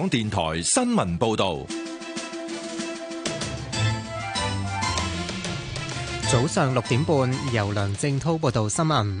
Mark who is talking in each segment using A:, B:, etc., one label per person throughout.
A: 港電台新聞報道，
B: 早上六點半，由梁正濤報道新聞。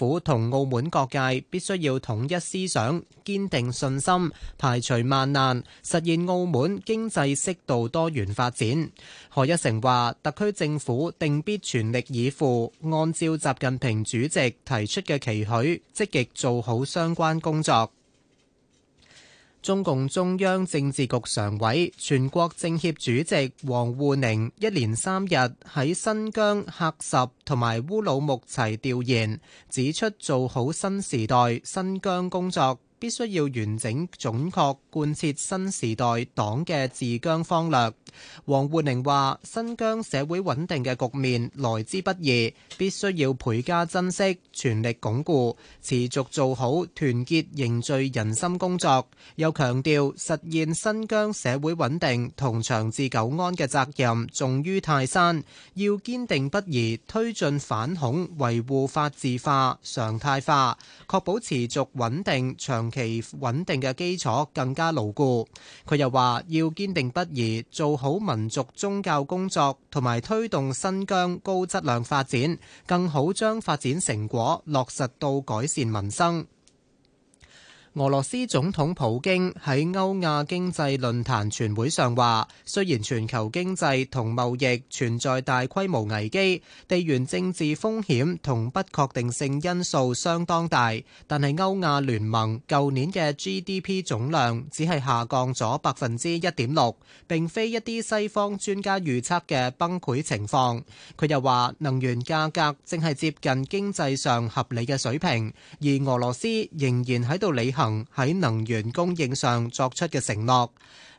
B: 府同澳門各界必須要統一思想、堅定信心、排除萬難，實現澳門經濟適度多元發展。何一成話：特區政府定必全力以赴，按照習近平主席提出嘅期許，積極做好相關工作。中共中央政治局常委、全國政協主席王滬寧一連三日喺新疆喀什同埋烏魯木齊調研，指出做好新時代新疆工作必須要完整準確貫徹新時代黨嘅治疆方略。王滬寧話：新疆社會穩定嘅局面來之不易，必須要倍加珍惜，全力鞏固，持續做好團結凝聚人心工作。又強調實現新疆社會穩定同長治久安嘅責任重於泰山，要堅定不移推進反恐，維護法治化常態化，確保持續穩定、長期穩定嘅基礎更加牢固。佢又話：要堅定不移做。好民族宗教工作，同埋推動新疆高質量發展，更好將發展成果落實到改善民生。俄羅斯總統普京喺歐亞經濟論壇全會上話：雖然全球經濟同貿易存在大規模危機，地緣政治風險同不確定性因素相當大，但係歐亞聯盟舊年嘅 GDP 總量只係下降咗百分之一點六，並非一啲西方專家預測嘅崩潰情況。佢又話：能源價格正係接近經濟上合理嘅水平，而俄羅斯仍然喺度理。能喺能源供應上作出嘅承諾。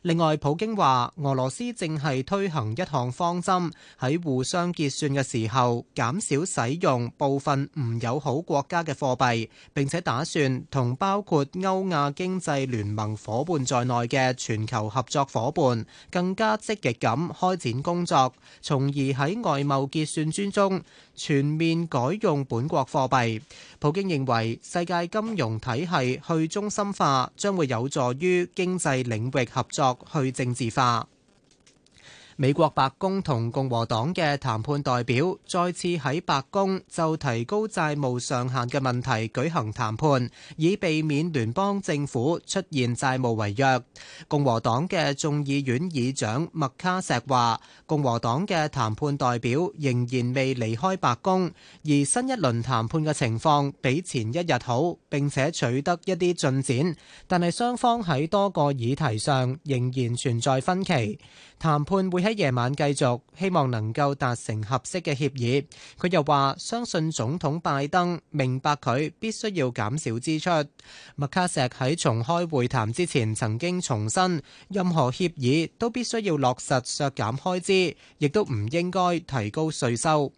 B: 另外，普京話俄羅斯正係推行一項方針，喺互相結算嘅時候減少使用部分唔友好國家嘅貨幣，並且打算同包括歐亞經濟聯盟夥伴在內嘅全球合作夥伴更加積極咁開展工作，從而喺外貿結算中全面改用本國貨幣。普京認為，世界金融體系去中心化將會有助於經濟領域合作。去政治化。美國白宮同共和黨嘅談判代表再次喺白宮就提高債務上限嘅問題舉行談判，以避免聯邦政府出現債務違約。共和黨嘅眾議院議長麥卡錫話：共和黨嘅談判代表仍然未離開白宮，而新一輪談判嘅情況比前一日好，並且取得一啲進展，但係雙方喺多個議題上仍然存在分歧。談判會喺夜晚繼續，希望能夠達成合適嘅協議。佢又話相信總統拜登明白佢必須要減少支出。麥卡錫喺重開會談之前曾經重申，任何協議都必須要落實削減開支，亦都唔應該提高稅收。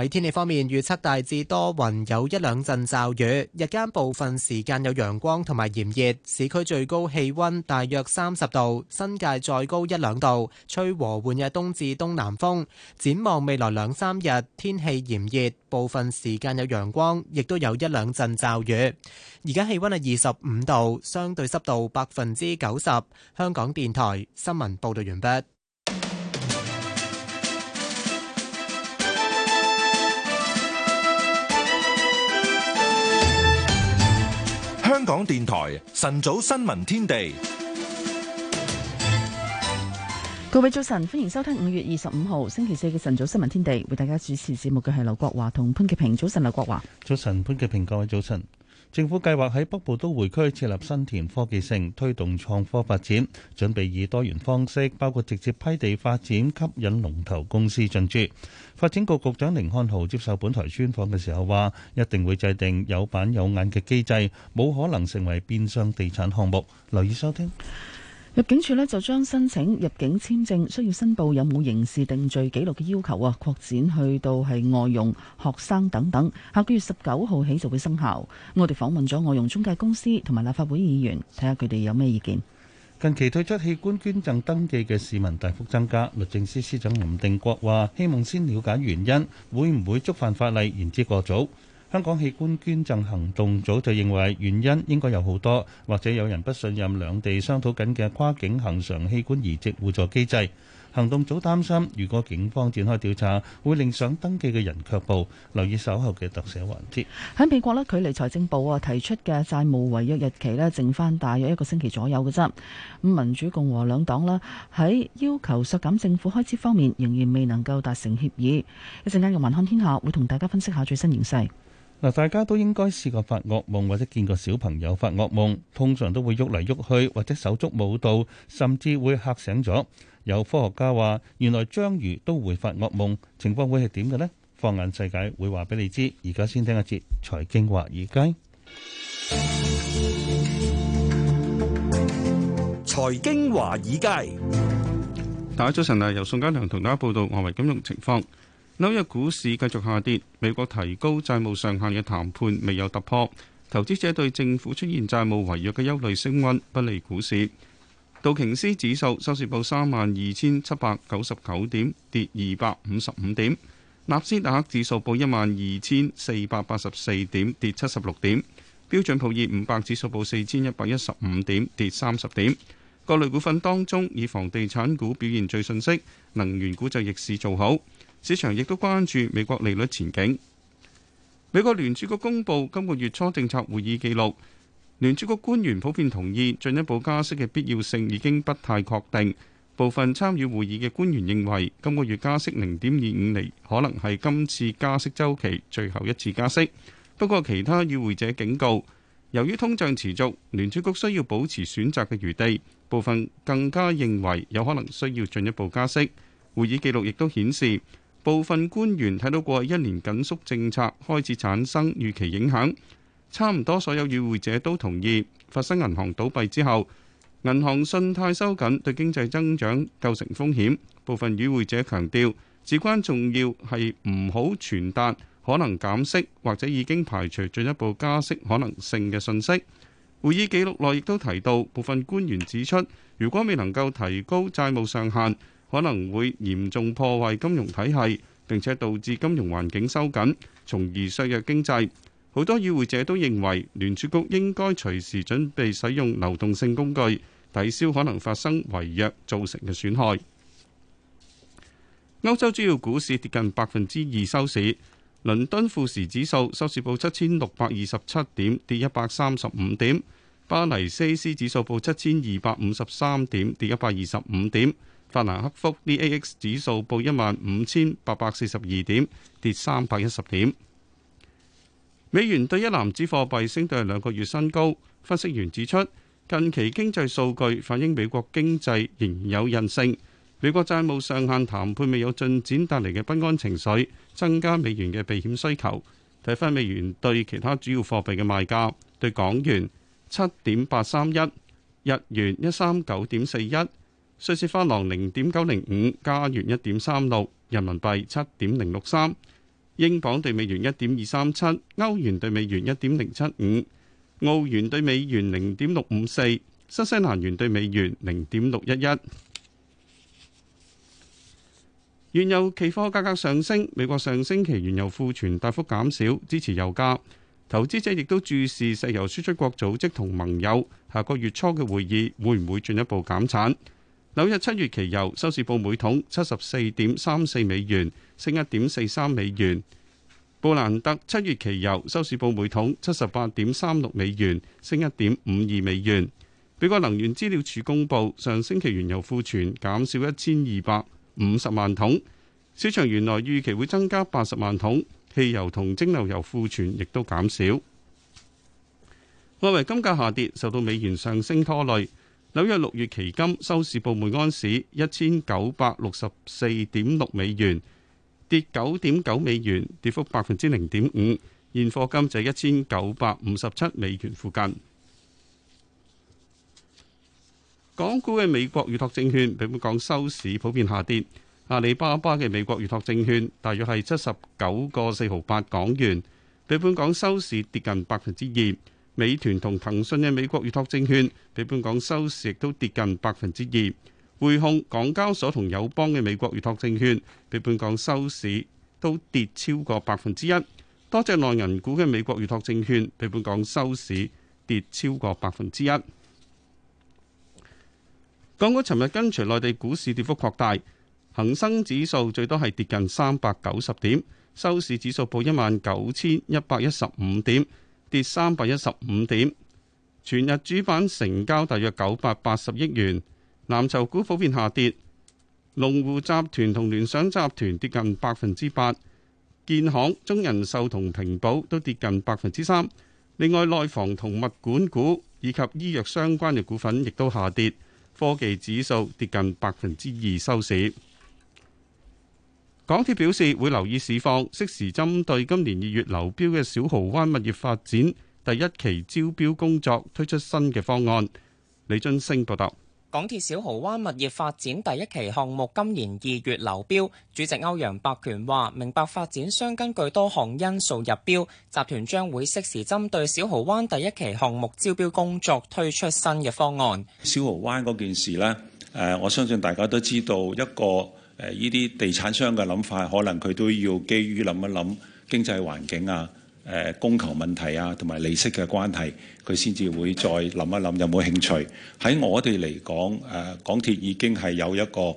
B: 喺天氣方面預測大致多雲，有一兩陣驟雨，日間部分時間有陽光同埋炎熱，市區最高氣溫大約三十度，新界再高一兩度，吹和緩嘅東至東南風。展望未來兩三日天氣炎熱，部分時間有陽光，亦都有一兩陣驟雨。而家氣溫係二十五度，相對濕度百分之九十。香港電台新聞報道完畢。
A: 港電台晨早新聞天地，
C: 各位早晨，歡迎收聽五月二十五號星期四嘅晨早新聞天地，為大家主持節目嘅係劉國華同潘潔平。早晨，劉國華。早
D: 晨，潘潔平。各位早晨。政府計劃喺北部都會區設立新田科技城，推動創科發展，準備以多元方式，包括直接批地發展，吸引龍頭公司進駐。發展局局長寧漢豪接受本台專訪嘅時候話，一定會制定有板有眼嘅機制，冇可能成為變相地產項目。留意收聽。
C: 入境處呢就將申請入境簽證需要申報有冇刑事定罪記錄嘅要求啊，擴展去到係外傭、學生等等。下個月十九號起就會生效。我哋訪問咗外傭中介公司同埋立法會議員，睇下佢哋有咩意見。
D: 近期退出器官捐贈登記嘅市民大幅增加，律政司司長林定國話，希望先了解原因，會唔會觸犯法例，言之過早。香港器官捐贈行動組就認為原因應該有好多，或者有人不信任兩地商討緊嘅跨境恒常器官移植互助機制。行動組擔心，如果警方展開調查，會令想登記嘅人卻步。留意稍後嘅特寫環節。
C: 喺美國咧，距離財政部啊提出嘅債務違約日期咧，剩翻大約一個星期左右嘅啫。咁民主共和兩黨咧喺要求削減政府開支方面仍然未能夠達成協議。一陣間由環看天下會同大家分析下最新形勢。
D: 嗱，大家都應該試過發惡夢，或者見過小朋友發惡夢，通常都會喐嚟喐去，或者手足舞蹈，甚至會嚇醒咗。有科學家話，原來章魚都會發惡夢，情況會係點嘅呢？放眼世界會話俾你知。而家先聽一節《財經華爾街》。
E: 財經華爾街，大家早晨啊！由宋嘉良同大家報道外圍金融情況。紐約股市繼續下跌，美國提高債務上限嘅談判未有突破，投資者對政府出現債務違約嘅憂慮升溫，不利股市。道瓊斯指數收市報三萬二千七百九十九點，跌二百五十五點；納斯達克指數報一萬二千四百八十四點，跌七十六點；標準普爾五百指數報四千一百一十五點，跌三十點。各類股份當中，以房地產股表現最遜色，能源股就逆市做好。市場亦都關注美國利率前景。美國聯儲局公布今個月初政策會議記錄，聯儲局官員普遍同意進一步加息嘅必要性已經不太確定。部分參與會議嘅官員認為，今個月加息0.25厘可能係今次加息週期最後一次加息。不過，其他與會者警告，由於通脹持續，聯儲局需要保持選擇嘅餘地。部分更加認為有可能需要進一步加息。會議記錄亦都顯示。部分官員睇到過一年緊縮政策開始產生預期影響，差唔多所有與會者都同意發生銀行倒閉之後，銀行信貸收緊對經濟增長構成風險。部分與會者強調，至關重要係唔好傳達可能減息或者已經排除進一步加息可能性嘅信息。會議記錄內亦都提到，部分官員指出，如果未能夠提高債務上限。可能會嚴重破壞金融體系，並且導致金融環境收緊，從而削弱經濟。好多與會者都認為聯儲局應該隨時準備使用流動性工具，抵消可能發生違約造成嘅損害。歐洲主要股市跌近百分之二收市。倫敦富時指數收市報七千六百二十七點，跌一百三十五點。巴黎 CAC 指數報七千二百五十三點，跌一百二十五點。法蘭克福 DAX 指數報一萬五千八百四十二點，跌三百一十點。美元對一籃子貨幣升到係兩個月新高。分析員指出，近期經濟數據反映美國經濟仍然有韌性。美國債務上限談判未有進展，帶嚟嘅不安情緒，增加美元嘅避險需求。睇返美元對其他主要貨幣嘅賣價，對港元七點八三一，日元一三九點四一。瑞士法郎零點九零五，加元一點三六，人民幣七點零六三，英鎊兌美元一點二三七，歐元兌美元一點零七五，澳元兌美元零點六五四，新西蘭元兌美元零點六一一。原油期貨價格上升，美國上星期原油庫存大幅減少，支持油價。投資者亦都注視石油輸出國組織同盟友下個月初嘅會議會唔會進一步減產。紐約七月期油收市報每桶七十四點三四美元，升一點四三美元。布蘭特七月期油收市報每桶七十八點三六美元，升一點五二美元。美國能源資料處公布，上星期原油庫存減少一千二百五十萬桶，市場原來預期會增加八十萬桶。汽油同蒸餾油庫存亦都減少。外圍金價下跌，受到美元上升拖累。紐約六月期金收市報每安市一千九百六十四點六美元，跌九點九美元，跌幅百分之零點五。現貨金就一千九百五十七美元附近。港股嘅美國預託證券，比本港收市普遍下跌。阿里巴巴嘅美國預託證券大約係七十九個四毫八港元，比本港收市跌近百分之二。美團同騰訊嘅美國預託證券，比本港收市亦都跌近百分之二；匯控、港交所同友邦嘅美國預託證券，比本港收市都跌超過百分之一；多隻內銀股嘅美國預託證券，比本港收市跌超過百分之一。港股尋日跟隨內地股市跌幅擴大，恒生指數最多係跌近三百九十點，收市指數報一萬九千一百一十五點，跌三百一十五點，全日主板成交大約九百八十億元。藍籌股普遍下跌，龍湖集團同聯想集團跌近百分之八，建行、中人壽同平保都跌近百分之三。另外，內房同物管股以及醫藥相關嘅股份亦都下跌，科技指數跌近百分之二收市。港鐵表示會留意市況，適時針對今年二月流標嘅小蠔灣物業發展第一期招標工作推出新嘅方案。李俊升報道，
F: 港鐵小蠔灣物業發展第一期項目今年二月流標，主席歐陽伯權話：明白發展商根據多項因素入標，集團將會適時針對小蠔灣第一期項目招標工作推出新嘅方案。小蠔灣嗰件事呢，誒，我相信大家都知道一個。誒呢啲地產商嘅諗法，可能佢都要基於諗一諗
D: 經濟環境啊、誒、呃、供求問題啊，同埋利息嘅關係，佢先至會再諗一諗有冇興趣。喺我哋嚟講，誒、呃、港鐵已經係有一個。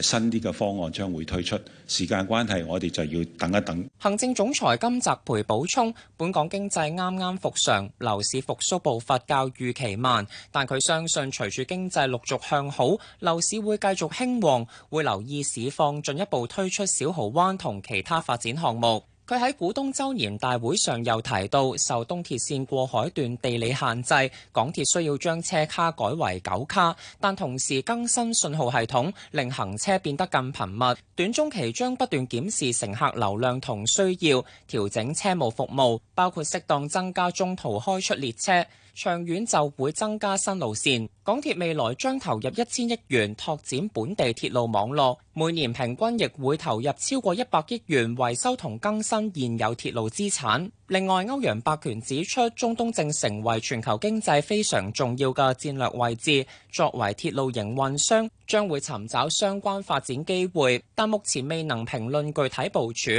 F: 誒，新啲嘅方案將會推出，時間關係我哋就要等一等。行政總裁金澤培補充，本港經濟啱啱復常，樓市復甦步伐較預期慢，但佢相信隨住經濟陸續向好，樓市會繼續興旺，會留意市況進一步推出小蠔灣同其他發展項目。佢喺股東周年大會上又提到，受東鐵綫過海段地理限制，港鐵需要將車卡改為九卡，但同時更新信號系統，令行車變得更頻密。短中期將不斷檢視乘客流量同需要，調整車務服務，包括適當增加中途開出列車。長遠就會增加新路線，港鐵未來將投入一千億元拓展本地鐵路網絡，每年平均亦會投入超過一百億元維修同更新現有鐵路資產。另外，歐陽百權指出，中東正成為全球經濟非常重要嘅戰略位置，作為鐵路營運商，將會尋找相關發展機會，但目前未能評論具體部署。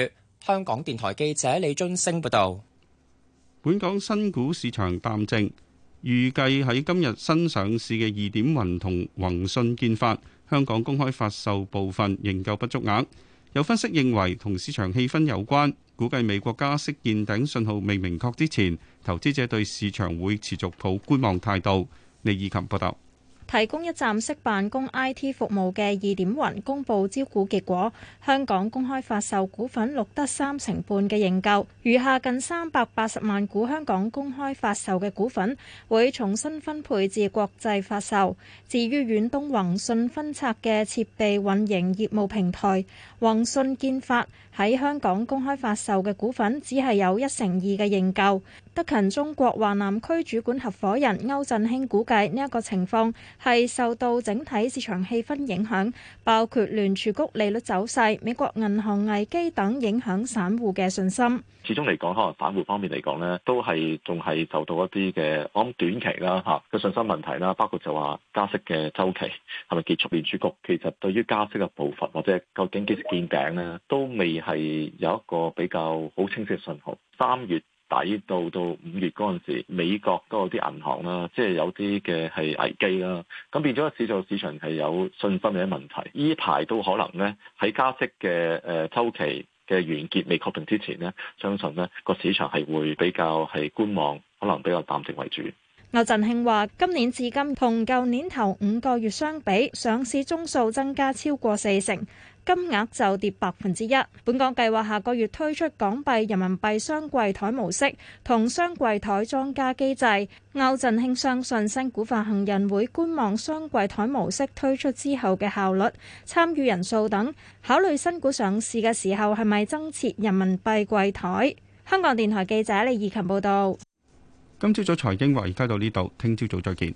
F: 香港電台記者李津星報導。
E: 本港新股市場淡靜。預計喺今日新上市嘅二點雲同宏信建發香港公開發售部分仍舊不足額。有分析認為同市場氣氛有關，估計美國加息見頂信號未明確之前，投資者對市場會持續抱觀望態度。李以琴報道。
G: 提供一站式辦公 IT 服務嘅二點雲公佈招股結果，香港公開發售股份錄得三成半嘅認購，餘下近三百八十萬股香港公開發售嘅股份會重新分配至國際發售。至於遠東宏信分拆嘅設備運營業務平台宏信建發。喺香港公開發售嘅股份只係有一成二嘅認購，德勤中國華南區主管合夥人歐振興估計呢一個情況係受到整體市場氣氛影響，包括聯儲局利率走勢，美國銀行危機等影響散戶嘅信心。
H: 始終嚟講，可能散戶方面嚟講咧，都係仲係受到一啲嘅，我諗短期啦吓嘅信心問題啦，包括就話加息嘅周期係咪結束聯儲局，其實對於加息嘅步伐或者究竟幾時見頂咧，都未。係有一個比較好清晰嘅信號，三月底到到五月嗰陣時，美國都有啲銀行啦，即係有啲嘅係危機啦，咁變咗個市場市場係有信心嘅問題。呢排都可能呢，喺加息嘅誒週期嘅完結未確定之前呢，相信呢個市場係會比較係觀望，可能比較淡靜為主。
G: 劉振興話：今年至今同舊年頭五個月相比，上市宗數增加超過四成。金額就跌百分之一。本港計劃下個月推出港幣、人民幣雙櫃台模式同雙櫃台莊家機制。歐振興相信新股發行人會觀望雙櫃台模式推出之後嘅效率、參與人數等，考慮新股上市嘅時候係咪增設人民幣櫃台。香港電台記者李義勤報道。
E: 今朝早財經話而家到呢度，聽朝早再見。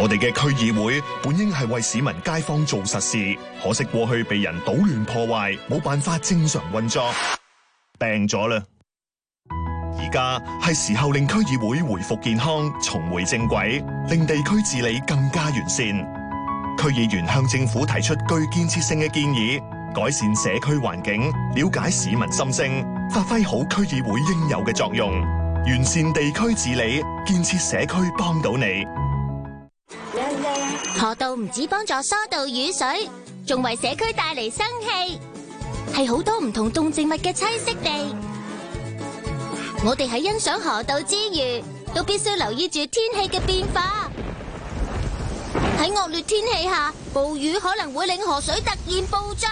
A: 我哋嘅區議會本應係為市民街坊做實事，可惜過去被人搗亂破壞，冇辦法正常運作，病咗了啦。而家係時候令區議會回復健康，重回正軌，令地區治理更加完善。區議員向政府提出具建設性嘅建議，改善社區環境，了解市民心聲，發揮好區議會應有嘅作用，完善地區治理，建設社區，幫到你。
I: 河道唔止幫助疏導雨水，仲為社區帶嚟生氣，係好多唔同動植物嘅棲息地。我哋喺欣賞河道之餘，都必須留意住天氣嘅變化。喺惡劣天氣下，暴雨可能會令河水突然暴漲，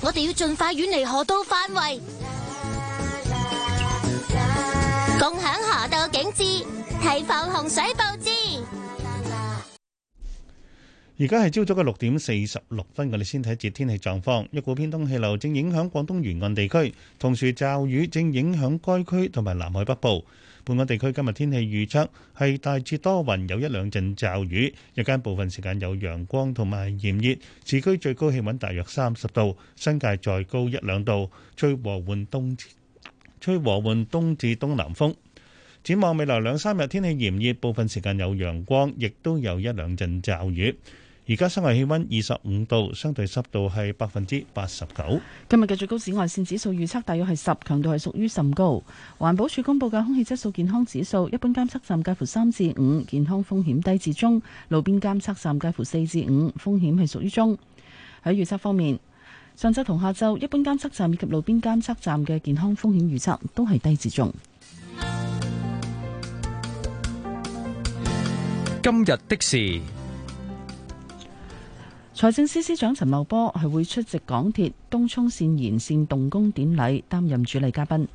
I: 我哋要盡快遠離河道範圍，共享河道景致，提防洪水暴至。
D: 而家係朝早嘅六點四十六分，我哋先睇一節天氣狀況。一股偏東氣流正影響廣東沿岸地區，同時驟雨正影響該區同埋南海北部。本港地區今日天，天氣預測係大致多雲，有一兩陣驟雨，日間部分時間有陽光同埋炎熱。市區最高氣温大約三十度，新界再高一兩度。吹和緩東吹和緩東至東南風。展望未來兩三日天氣炎熱，部分時間有陽光，亦都有一兩陣驟雨。而家室外氣溫二十五度，相對濕度係百分之八十九。
C: 今日嘅最高紫外線指數預測大約係十，強度係屬於甚高。環保署公布嘅空氣質素健康指數，一般監測站介乎三至五，健康風險低至中；路邊監測站介乎四至五，風險係屬於中。喺預測方面，上晝同下晝一般監測站以及路邊監測站嘅健康風險預測都係低至中。
J: 今日的事。
C: 財政司司長陳茂波係會出席港鐵東涌綫延綫動工典禮，擔任主禮嘉賓。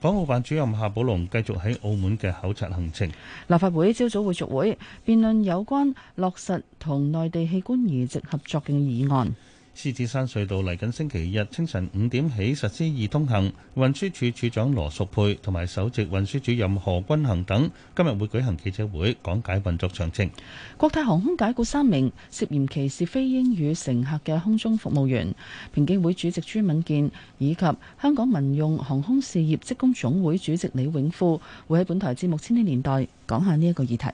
D: 港澳辦主任夏寶龍繼續喺澳門嘅考察行程。
C: 立法會朝早會續會，辯論有關落實同內地器官移植合作嘅議案。
D: 獅子山隧道嚟緊星期日清晨五點起實施易通行，運輸署署長羅淑佩同埋首席運輸主任何君衡等今日會舉行記者會，講解運作詳情。
C: 國泰航空解雇三名涉嫌歧視非英語乘客嘅空中服務員，平機會主席朱敏健以及香港民用航空事業職工總會主席李永富會喺本台節目《千禧年代》講下呢一個議題。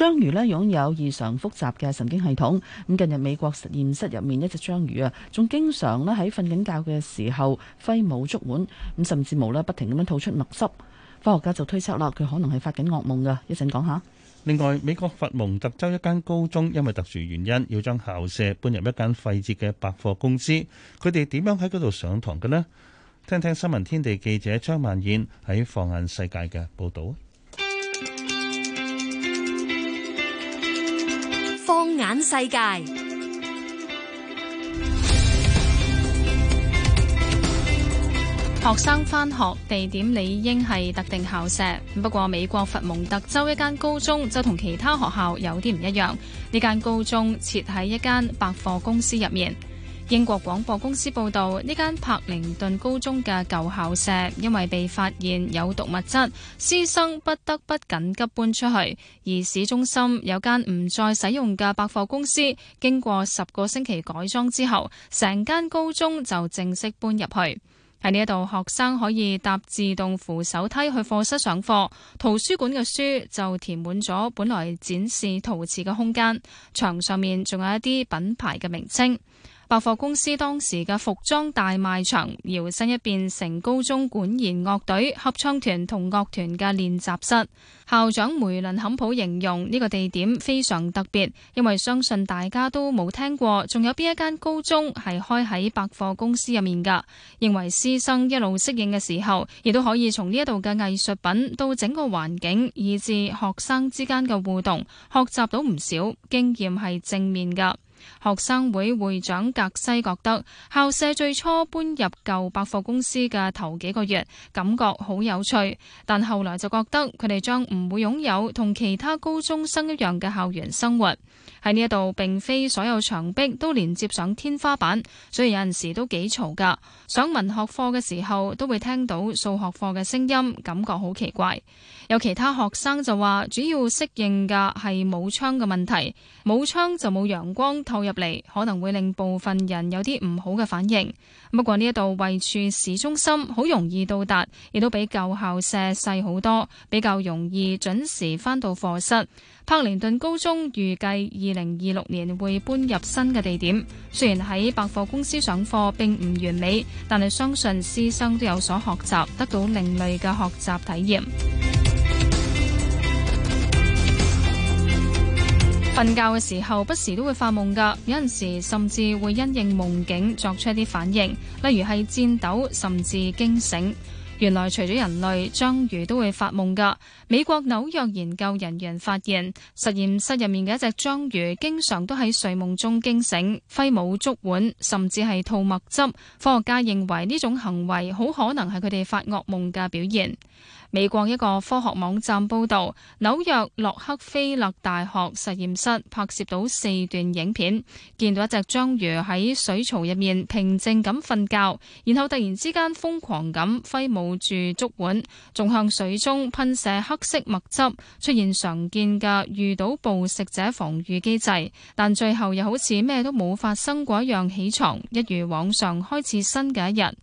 C: 章魚呢擁有異常複雜嘅神經系統。咁近日美國實驗室入面一隻章魚啊，仲經常呢喺瞓緊覺嘅時候揮舞觸腕，咁甚至無呢不停咁樣吐出墨汁。科學家就推測啦，佢可能係發緊噩夢㗎。一陣講下。
D: 另外，美國佛蒙特州一間高中因為特殊原因要將校舍搬入一間廢置嘅百貨公司，佢哋點樣喺嗰度上堂嘅呢？聽聽新聞天地記者張曼燕喺放眼世界嘅報導。
K: 眼世界，學生返學地點理應係特定校舍，不過美國佛蒙特州一間高中就同其他學校有啲唔一樣，呢間高中設喺一間百貨公司入面。英國廣播公司報道，呢間柏靈頓高中嘅舊校舍因為被發現有毒物質，師生不得不緊急搬出去。而市中心有間唔再使用嘅百貨公司，經過十個星期改裝之後，成間高中就正式搬入去。喺呢一度，學生可以搭自動扶手梯去課室上課，圖書館嘅書就填滿咗本來展示陶瓷嘅空間，牆上面仲有一啲品牌嘅名稱。百貨公司當時嘅服裝大賣場搖身一變，成高中管弦樂隊、合唱團同樂團嘅練習室。校長梅倫坎普形容呢個地點非常特別，因為相信大家都冇聽過，仲有邊一間高中係開喺百貨公司入面噶認為師生一路適應嘅時候，亦都可以從呢一度嘅藝術品到整個環境，以至學生之間嘅互動，學習到唔少經驗係正面噶學生會會長格西覺得校舍最初搬入舊百貨公司嘅頭幾個月感覺好有趣，但後來就覺得佢哋將唔會擁有同其他高中生一樣嘅校園生活。喺呢一度並非所有牆壁都連接上天花板，所以有陣時都幾嘈㗎。上文學課嘅時候都會聽到數學課嘅聲音，感覺好奇怪。有其他學生就話，主要適應嘅係冇窗嘅問題，冇窗就冇陽光入嚟可能會令部分人有啲唔好嘅反應。不過呢一度位處市中心，好容易到達，亦都比舊校舍細好多，比較容易準時返到課室。柏林頓高中預計二零二六年會搬入新嘅地點。雖然喺百貨公司上課並唔完美，但係相信師生都有所學習，得到另類嘅學習體驗。瞓覺嘅時候，不時都會發夢噶，有陣時甚至會因應夢境作出一啲反應，例如係戰鬥，甚至驚醒。原來除咗人類，章魚都會發夢噶。美國紐約研究人員發現，實驗室入面嘅一隻章魚，經常都喺睡夢中驚醒，揮舞足腕，甚至係吐墨汁。科學家認為呢種行為好可能係佢哋發惡夢嘅表現。美國一個科學網站報導，紐約洛克菲勒大學實驗室拍攝到四段影片，見到一隻章魚喺水槽入面平靜咁瞓覺，然後突然之間瘋狂咁揮舞住觸腕，仲向水中噴射黑色墨汁，出現常見嘅遇到捕食者防禦機制，但最後又好似咩都冇發生過一樣起床。一如往常開始新嘅一日。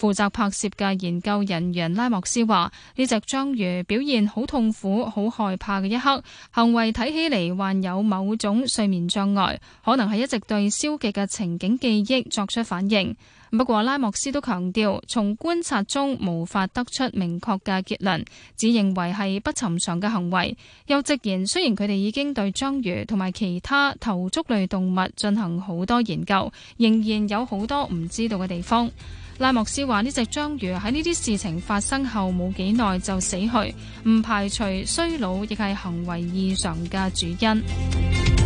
K: 負責拍攝嘅研究人員拉莫斯話：呢隻章魚表現好痛苦、好害怕嘅一刻，行為睇起嚟，患有某種睡眠障礙，可能係一直對消極嘅情景記憶作出反應。不過拉莫斯都強調，從觀察中無法得出明確嘅結論，只認為係不尋常嘅行為。又直言，雖然佢哋已經對章魚同埋其他頭足類動物進行好多研究，仍然有好多唔知道嘅地方。拉莫斯話：呢隻章魚喺呢啲事情發生後冇幾耐就死去，唔排除衰老，亦係行為異常嘅主因。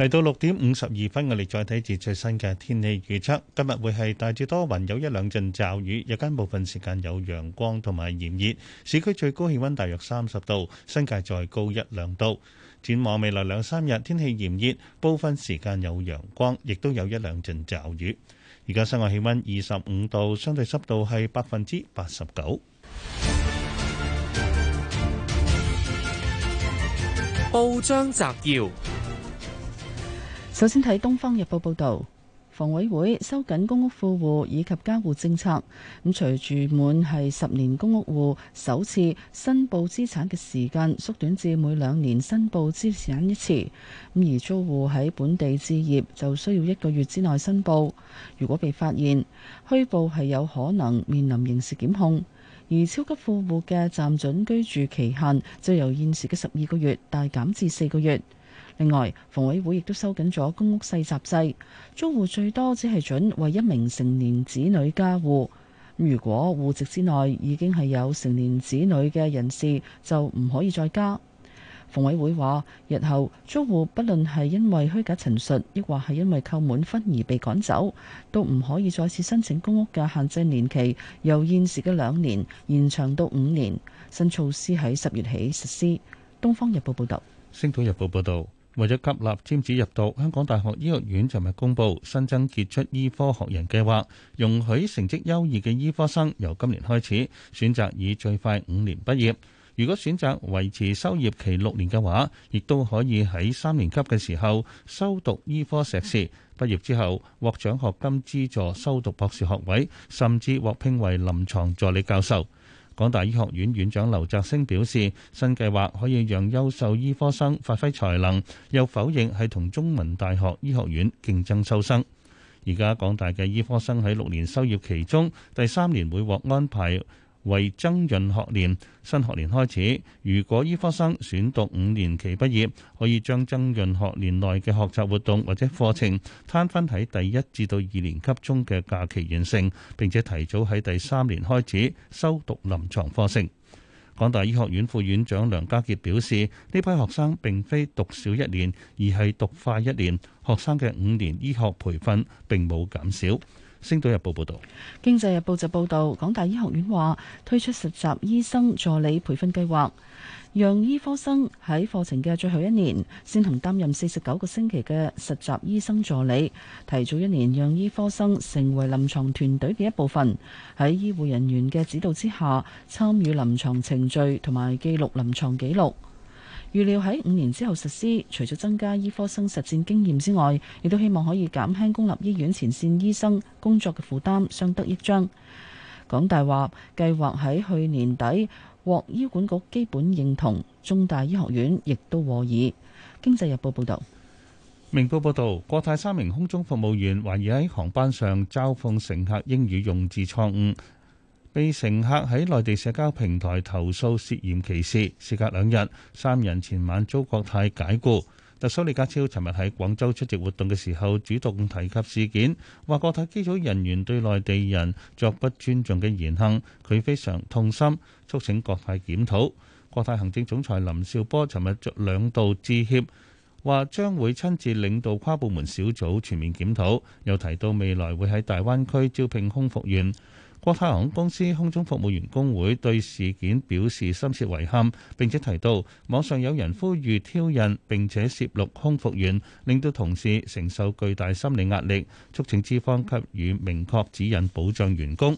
D: 嚟到六點五十二分，我哋再睇下最新嘅天氣預測。今日會係大致多雲，有一兩陣驟雨，日間部分時間有陽光同埋炎熱。市區最高氣溫大約三十度，新界再高一兩度。展望未來兩三日，天氣炎熱，部分時間有陽光，亦都有一兩陣驟雨。而家室外氣溫二十五度，相對濕度係百分之八十九。
L: 報章摘要。
C: 首先睇《東方日報》報道，房委會收緊公屋富戶以及加戶政策。咁隨住滿係十年公屋戶，首次申報資產嘅時間縮短至每兩年申報資產一次。咁而租戶喺本地置業就需要一個月之內申報。如果被發現虛報，係有可能面臨刑事檢控。而超級富戶嘅暫准居住期限就由現時嘅十二個月大減至四個月。另外，房委會亦都收緊咗公屋細集制，租戶最多只係準為一名成年子女加戶。如果戶籍之內已經係有成年子女嘅人士，就唔可以再加。房委會話，日後租戶，不論係因為虛假陳述，亦或係因為扣滿分而被趕走，都唔可以再次申請公屋嘅限制年期，由現時嘅兩年延長到五年。新措施喺十月起實施。《東方日
D: 報》報道。《星島日報》報道。為咗吸納尖子入讀，香港大學醫學院尋日公布新增傑出醫科學人計劃，容許成績優異嘅醫科生由今年開始選擇以最快五年畢業。如果選擇維持修業期六年嘅話，亦都可以喺三年級嘅時候修讀醫科碩士，畢業之後獲獎學金資助修讀博士學位，甚至獲聘為臨床助理教授。港大醫學院院長劉澤星表示，新計劃可以讓優秀醫科生發揮才能，又否認係同中文大學醫學院競爭收生。而家港大嘅醫科生喺六年修業期中，第三年會獲安排。為增潤學年，新學年開始，如果醫科生選讀五年期畢業，可以將增潤學年內嘅學習活動或者課程攤分喺第一至到二年級中嘅假期完成，並且提早喺第三年開始修讀臨牀課程。港大醫學院副院長梁家杰表示，呢批學生並非讀少一年，而係讀快一年，學生嘅五年醫學培訓並冇減少。星島日報報道，
C: 經濟日報就報道，港大醫學院話推出實習醫生助理培訓計劃，讓醫科生喺課程嘅最後一年先行擔任四十九個星期嘅實習醫生助理，提早一年讓醫科生成為臨床團隊嘅一部分，喺醫護人員嘅指導之下參與臨床程序同埋記錄臨床記錄。預料喺五年之後實施，除咗增加醫科生實戰經驗之外，亦都希望可以減輕公立醫院前線醫生工作嘅負擔，相得益彰。港大話計劃喺去年底獲醫管局基本認同，中大醫學院亦都和議。經濟日報報道。
D: 明報報道，國泰三名空中服務員懷疑喺航班上嘲諷乘，乘客英語用字錯誤。被乘客喺內地社交平台投訴涉嫌歧視，事隔兩日，三人前晚遭國泰解僱。特首李家超尋日喺廣州出席活動嘅時候主動提及事件，話國泰機組人員對內地人作不尊重嘅言行，佢非常痛心，促請國泰檢討。國泰行政總裁林少波尋日作兩度致歉，話將會親自領導跨部門小組全面檢討，又提到未來會喺大灣區招聘空服員。國泰航空公司空中服務員工會對事件表示深切遺憾，並且提到網上有人呼籲挑釁，並且攝錄空服員，令到同事承受巨大心理壓力，促請資方給予明確指引，保障員工。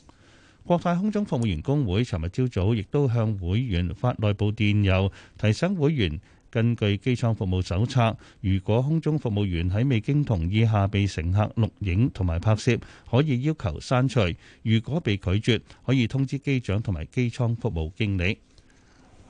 D: 國泰空中服務員工會尋日朝早亦都向會員發內部電郵，提醒會員。根據機艙服務手冊，如果空中服務員喺未經同意下被乘客錄影同埋拍攝，可以要求刪除；如果被拒絕，可以通知機長同埋機艙服務經理。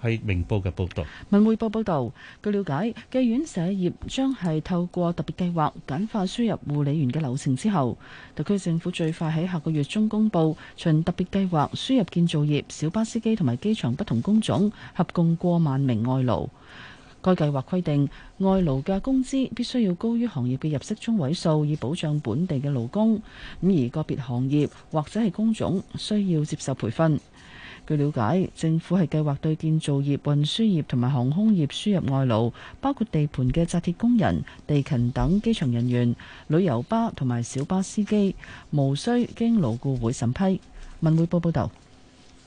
D: 係明報嘅報道，
C: 文匯報報導，據了解，戲院社業將係透過特別計劃簡化輸入護理員嘅流程。之後，特區政府最快喺下個月中公布，循特別計劃輸入建造業、小巴司機同埋機場不同工種，合共過萬名外勞。該計劃規定，外勞嘅工資必須要高於行業嘅入息中位數，以保障本地嘅勞工。咁而個別行業或者係工種需要接受培訓。據了解，政府係計劃對建造業、運輸業同埋航空業輸入外勞，包括地盤嘅紮鐵工人、地勤等機場人員、旅遊巴同埋小巴司機，無需經勞顧會審批。文匯報報導，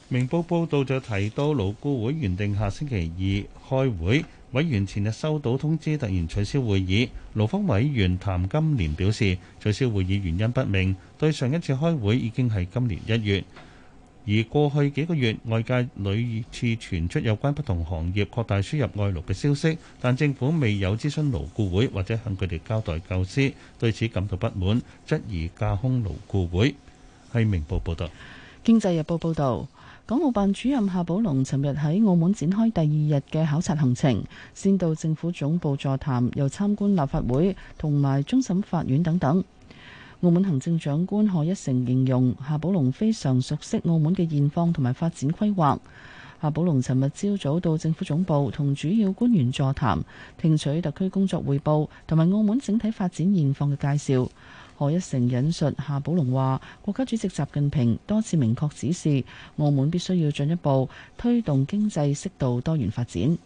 D: 明報報道就提到，勞顧會原定下星期二開會。委員前日收到通知，突然取消會議。勞方委員譚金蓮表示，取消會議原因不明。對上一次開會已經係今年一月，而過去幾個月外界屢次傳出有關不同行業擴大輸入外勞嘅消息，但政府未有諮詢勞顧會或者向佢哋交代構思，對此感到不滿，質疑架空勞顧會。係《明報》報導，
C: 《經濟日報》報導。港澳辦主任夏寶龍尋日喺澳門展開第二日嘅考察行程，先到政府總部座談，又參觀立法會同埋終審法院等等。澳門行政長官賀一誠形容夏寶龍非常熟悉澳門嘅現況同埋發展規劃。夏寶龍尋日朝早到政府總部同主要官員座談，聽取特區工作匯報同埋澳門整體發展現況嘅介紹。何一成引述夏寶龍話，國家主席習近平多次明確指示，澳門必須要進一步推動經濟適度多元發展。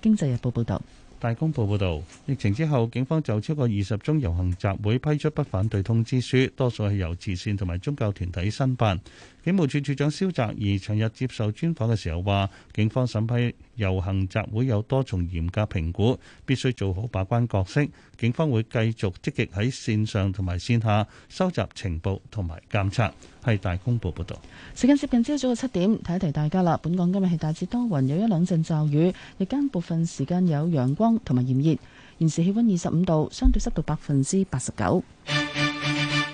C: 經濟日報報
D: 道，大公報報道，疫情之後，警方就超過二十宗遊行集會批出不反對通知書，多數係由慈善同埋宗教團體申辦。警務處處長蕭澤頤尋日接受專訪嘅時候話，警方審批遊行集會有多重嚴格評估，必須做好把關角色。警方會繼續積極喺綫上同埋綫下收集情報同埋監察。係大公報報道。
C: 時間接近朝早嘅七點，提一提大家啦。本港今日係大致多雲，有一兩陣驟雨。日間部分時間有陽光同埋炎熱。現時氣溫二十五度，相對濕度百分之八十九。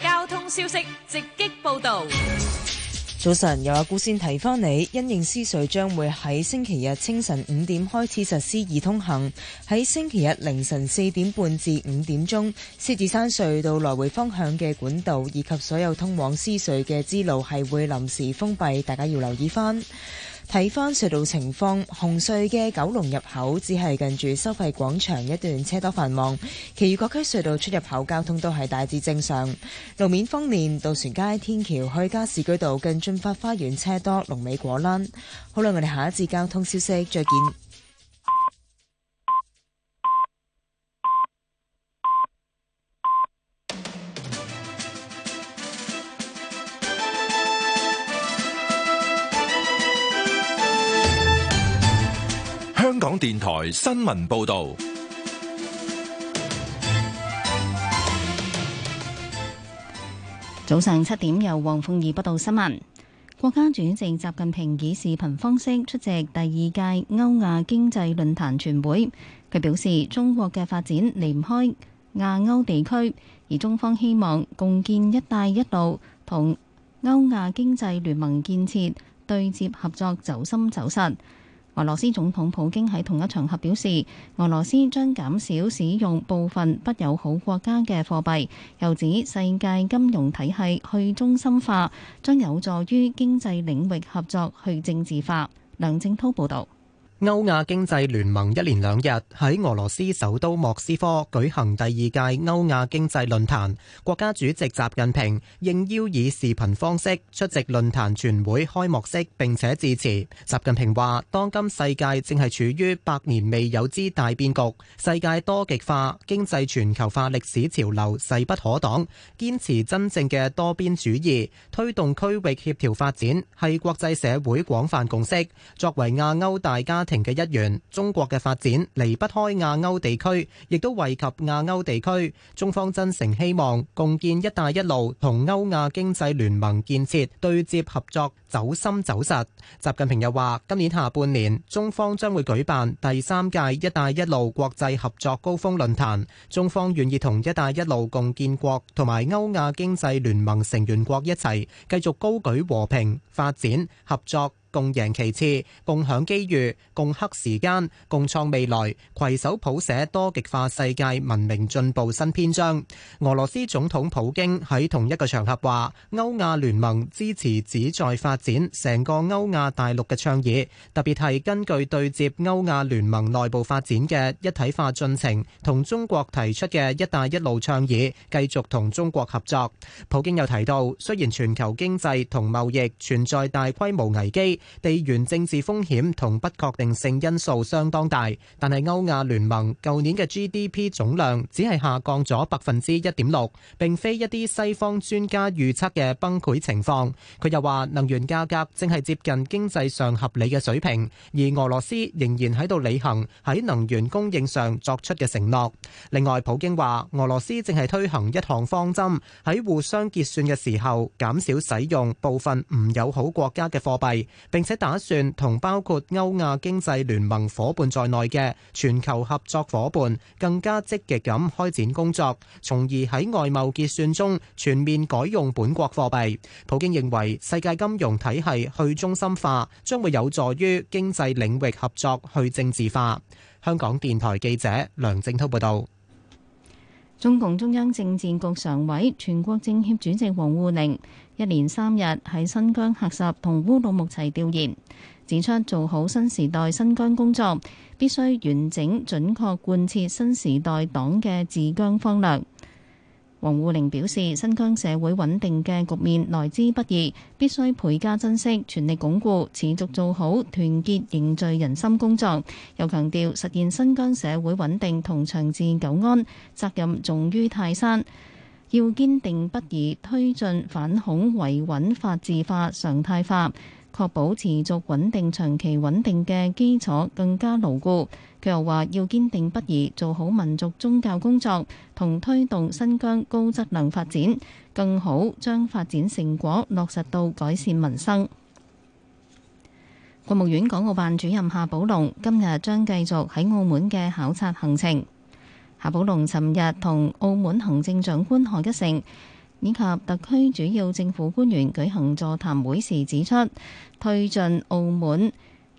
M: 交通消息直擊報道。
N: 早晨，有阿姑先提翻你，因應獅隧將會喺星期日清晨五點開始實施易通行，喺星期日凌晨四點半至五點鐘，獅子山隧道來回方向嘅管道以及所有通往獅隧嘅支路係會臨時封閉，大家要留意翻。睇翻隧道情況，紅隧嘅九龍入口只係近住收費廣場一段車多繁忙，其餘各區隧道出入口交通都係大致正常。路面方面，渡船街天橋去加士居道近俊發花園車多，龍尾果欄。好啦，我哋下一節交通消息再見。
A: 香港電台新聞報道，
O: 早上七點由黃鳳儀報道新聞。國家主席習近平以視頻方式出席第二屆歐亞經濟論壇全會。佢表示，中國嘅發展離唔開亞歐地區，而中方希望共建“一帶一路”同歐亞經濟聯盟建設對接合作走深走實。俄羅斯總統普京喺同一場合表示，俄羅斯將減少使用部分不友好國家嘅貨幣，又指世界金融體系去中心化，將有助於經濟領域合作去政治化。梁正濤報道。
B: 歐亞經濟聯盟一連兩日喺俄羅斯首都莫斯科舉行第二屆歐亞經濟論壇，國家主席習近平應邀以視頻方式出席論壇全會開幕式並且致辭。習近平話：當今世界正係處於百年未有之大變局，世界多極化、經濟全球化歷史潮流勢不可擋，堅持真正嘅多邊主義，推動區域協調發展，係國際社會廣泛共識。作為亞歐大家。庭嘅一員，中國嘅發展離不開亞歐地區，亦都惠及亞歐地區。中方真誠希望共建“一帶一路”同歐亞經濟聯盟建設對接合作走深走實。習近平又話，今年下半年中方將會舉辦第三屆“一帶一路”國際合作高峰論壇，中方願意同“一帶一路”共建國同埋歐亞經濟聯盟成員國一齊，繼續高舉和平、發展、合作。共贏其次，共享機遇，共克時艱，共創未來，攜手譜寫多極化世界文明進步新篇章。俄羅斯總統普京喺同一個場合話，歐亞聯盟支持旨在發展成個歐亞大陸嘅倡議，特別係根據對接歐亞聯盟內部發展嘅一體化進程，同中國提出嘅“一帶一路”倡議，繼續同中國合作。普京又提到，雖然全球經濟同貿易存在大規模危機，地緣政治風險同不確定性因素相當大，但係歐亞聯盟舊年嘅 GDP 總量只係下降咗百分之一點六，並非一啲西方專家預測嘅崩潰情況。佢又話能源價格正係接近經濟上合理嘅水平，而俄羅斯仍然喺度履行喺能源供應上作出嘅承諾。另外，普京話俄羅斯正係推行一項方針，喺互相結算嘅時候減少使用部分唔友好國家嘅貨幣。並且打算同包括歐亞經濟聯盟伙伴在內嘅全球合作伙伴更加積極咁開展工作，從而喺外貿結算中全面改用本國貨幣。普京認為世界金融體系去中心化將會有助於經濟領域合作去政治化。香港電台記者梁正濤報道。
O: 中共中央政治局常委、全國政協主席王滬寧一連三日喺新疆喀什同烏魯木齊調研，指出做好新時代新疆工作，必須完整、準確貫徹新時代黨嘅治疆方略。王滬寧表示，新疆社會穩定嘅局面來之不易，必須倍加珍惜，全力鞏固，持續做好團結凝聚人心工作。又強調，實現新疆社會穩定同長治久安，責任重於泰山，要堅定不移推進反恐維穩法治化常態化。確保持續穩定、長期穩定嘅基礎更加牢固。佢又話：要堅定不移做好民族宗教工作，同推動新疆高質量發展，更好將發展成果落實到改善民生。國務院港澳辦主任夏寶龍今日將繼續喺澳門嘅考察行程。夏寶龍尋日同澳門行政長官賀一誠，以及特區主要政府官員舉行座談會時指出，推進澳門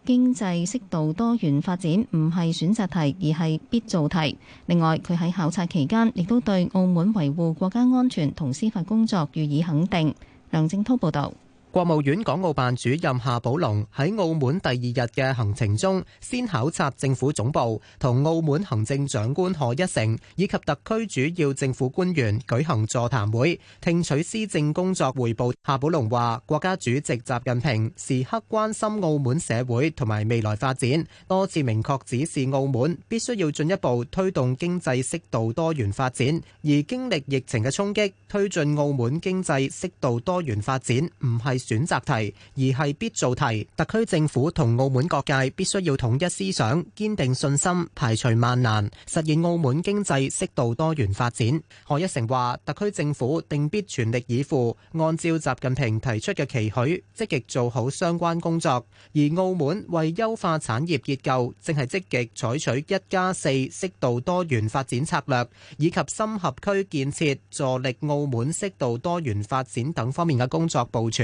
O: 經濟適度多元發展唔係選擇題，而係必做題。另外，佢喺考察期間亦都對澳門維護國家安全同司法工作予以肯定。梁正滔報導。
B: 國務院港澳辦主任夏寶龍喺澳門第二日嘅行程中，先考察政府總部，同澳門行政長官賀一誠以及特區主要政府官員舉行座談會，聽取施政工作匯報。夏寶龍話，國家主席習近平時刻關心澳門社會同埋未來發展，多次明確指示澳門必須要進一步推動經濟適度多元發展。而經歷疫情嘅衝擊，推進澳門經濟適度多元發展唔係。選擇題，而係必做題。特區政府同澳門各界必須要統一思想、堅定信心、排除萬難，實現澳門經濟適度多元發展。賀一誠話，特區政府定必全力以赴，按照習近平提出嘅期許，積極做好相關工作。而澳門為優化產業結構，正係積極採取一加四適度多元發展策略，以及深合區建設，助力澳門適度多元發展等方面嘅工作部署。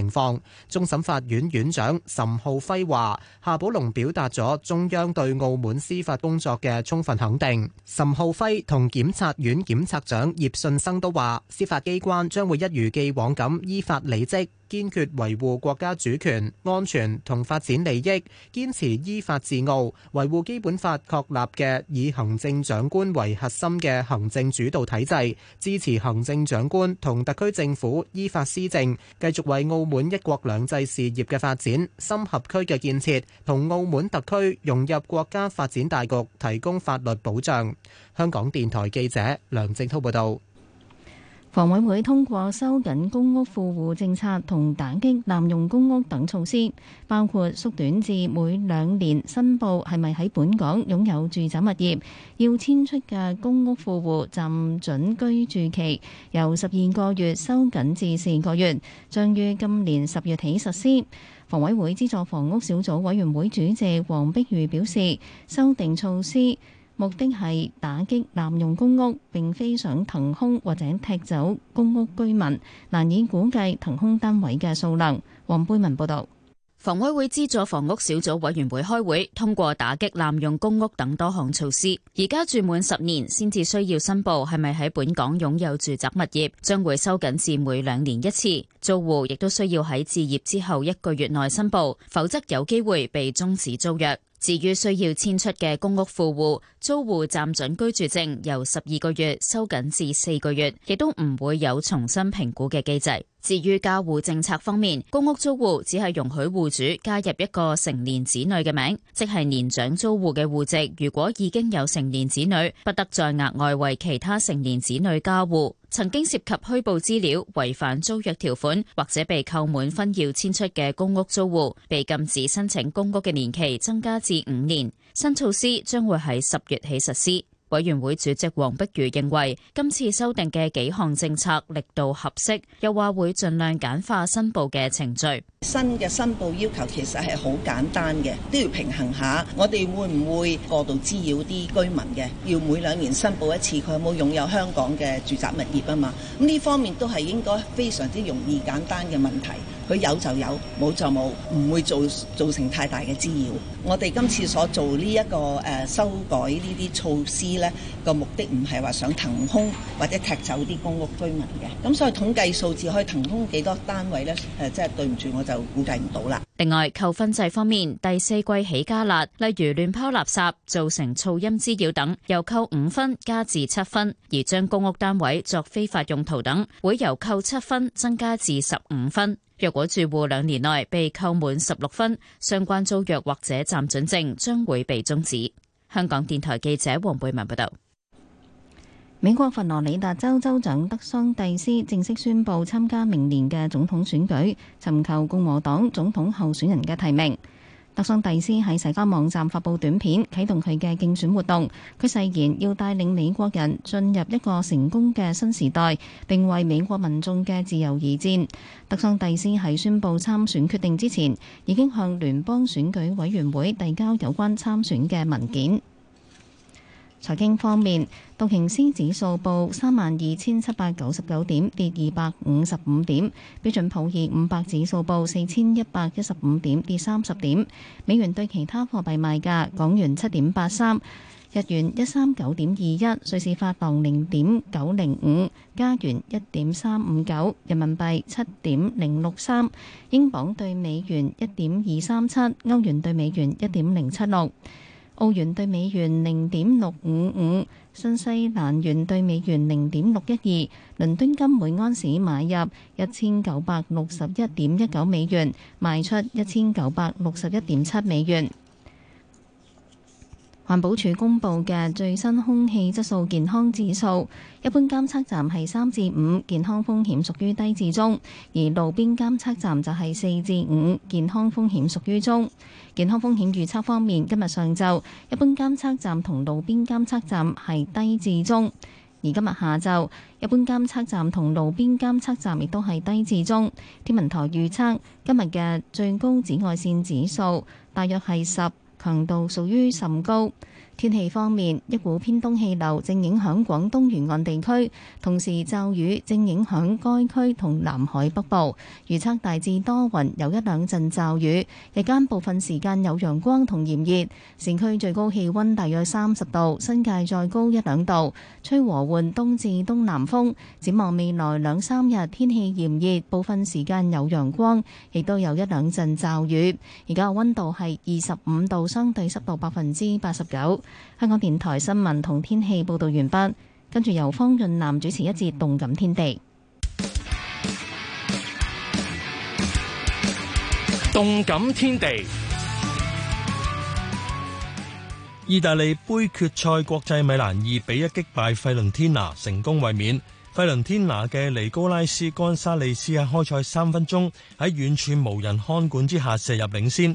B: 情況，終審法院院長岑浩輝話：夏寶龍表達咗中央對澳門司法工作嘅充分肯定。岑浩輝同檢察院檢察長葉信生都話，司法機關將會一如既往咁依法履職。堅決維護國家主權、安全同發展利益，堅持依法治澳，維護基本法確立嘅以行政長官為核心嘅行政主導體制，支持行政長官同特區政府依法施政，繼續為澳門一國兩制事業嘅發展、深合區嘅建設同澳門特區融入國家發展大局提供法律保障。香港電台記者梁正濤報道。
O: 房委會通過收緊公屋富戶政策同打擊濫用公屋等措施，包括縮短至每兩年申報係咪喺本港擁有住宅物業，要遷出嘅公屋富戶暫准居住期由十二個月收緊至四個月，將於今年十月起實施。房委會資助房屋小組委員會主席黃碧如表示，修訂措施，目的係打擊濫用公屋，並非想騰空或者踢走公屋居民。難以估計騰空單位嘅數量。黃貝文報道，
I: 房委會資助房屋小組委員會開會，通過打擊濫用公屋等多項措施。而家住滿十年先至需要申報係咪喺本港擁有住宅物業，將會收緊至每兩年一次。租戶亦都需要喺置業之後一個月內申報，否則有機會被終止租約。至於需要遷出嘅公屋富戶租戶暫准居住證由十二個月收緊至四個月，亦都唔會有重新評估嘅機制。至於加戶政策方面，公屋租戶只係容許戶主加入一個成年子女嘅名，即係年長租戶嘅戶籍。如果已經有成年子女，不得再額外為其他成年子女加戶。曾經涉及虛報資料、違反租約條款或者被扣滿分要遷出嘅公屋租戶，被禁止申請公屋嘅年期增加至五年。新措施將會喺十月起實施。委員會主席黃碧如認為，今次修訂嘅幾項政策力度合適，又話會盡量簡化申報嘅程序。新嘅申報要求其實係好簡單嘅，都要平衡下。我哋會唔會過度滋擾啲居民
C: 嘅？要每兩年申報一次，佢有冇擁有，有香港嘅住宅物業啊嘛？咁呢方面都係應該非常之容易簡單嘅問題。佢有就有，冇就冇，唔會做造成太大嘅滋擾。我哋今次所做呢一個誒修改呢啲措施咧，個目的唔係話想騰空或者踢走啲公屋居民嘅。咁所以統計數字可以騰空幾多單位咧？誒即係對唔住，我就估計
I: 唔到啦。另外，扣分制方面，第四季起加辣，例如亂拋垃圾、造成噪音滋擾等，由扣五分加至七分；而將公屋單位作非法用途等，會由扣七分增加至十五分。若果住戶兩年內被扣滿十六分，相關租約或者暫準證將會被終止。香港電台記者黃貝文報道。
O: 美國佛羅里達州州，州長德桑蒂斯正式宣布參加明年嘅總統選舉，尋求共和黨總統候選人嘅提名。特桑蒂斯喺社交網站發布短片，啟動佢嘅競選活動。佢誓言要帶領美國人進入一個成功嘅新時代，並為美國民眾嘅自由而戰。特桑蒂斯喺宣布參選決，決定之前，已經向聯邦選舉委員會遞交有關參選嘅文件。財經方面，道瓊斯指數報三萬二千七百九十九點，跌二百五十五點；標準普爾五百指數報四千一百一十五點，跌三十點。美元對其他貨幣賣價：港元七點八三，日元一三九點二一，瑞士法郎零點九零五，加元一點三五九，人民幣七點零六三，英鎊對美元一點二三七，歐元對美元一點零七六。澳元兌美元零點六五五，新西蘭元兌美元零點六一二，倫敦金每安士買入一千九百六十一點一九美元，賣出一千九百六十一點七美元。環保署公布嘅最新空氣質素健康指數，一般監測站係三至五，健康風險屬於低至中；而路邊監測站就係四至五，健康風險屬於中。健康風險預測方面，今日上晝一般監測站同路邊監測站係低至中；而今日下晝一般監測站同路邊監測站亦都係低至中。天文台預測今日嘅最高紫外線指數大約係十。強度屬於甚高。天氣方面，一股偏東氣流正影響廣東沿岸地區，同時驟雨正影響該區同南海北部。預測大致多雲，有一兩陣驟雨。日間部分時間有陽光同炎熱，城區最高氣溫大約三十度，新界再高一兩度。吹和緩東至東南風。展望未來兩三日天氣炎熱，部分時間有陽光，亦都有一兩陣驟雨。而家嘅溫度係二十五度，相對濕度百分之八十九。香港電台新聞同天氣報道完畢，跟住由方潤南主持一節《動感天地》。
H: 《動感天地》意大利杯決賽，國際米蘭二比一擊敗費倫天拿，成功衛冕。費倫天拿嘅尼高拉斯干沙利斯喺開賽三分鐘喺遠處無人看管之下射入領先。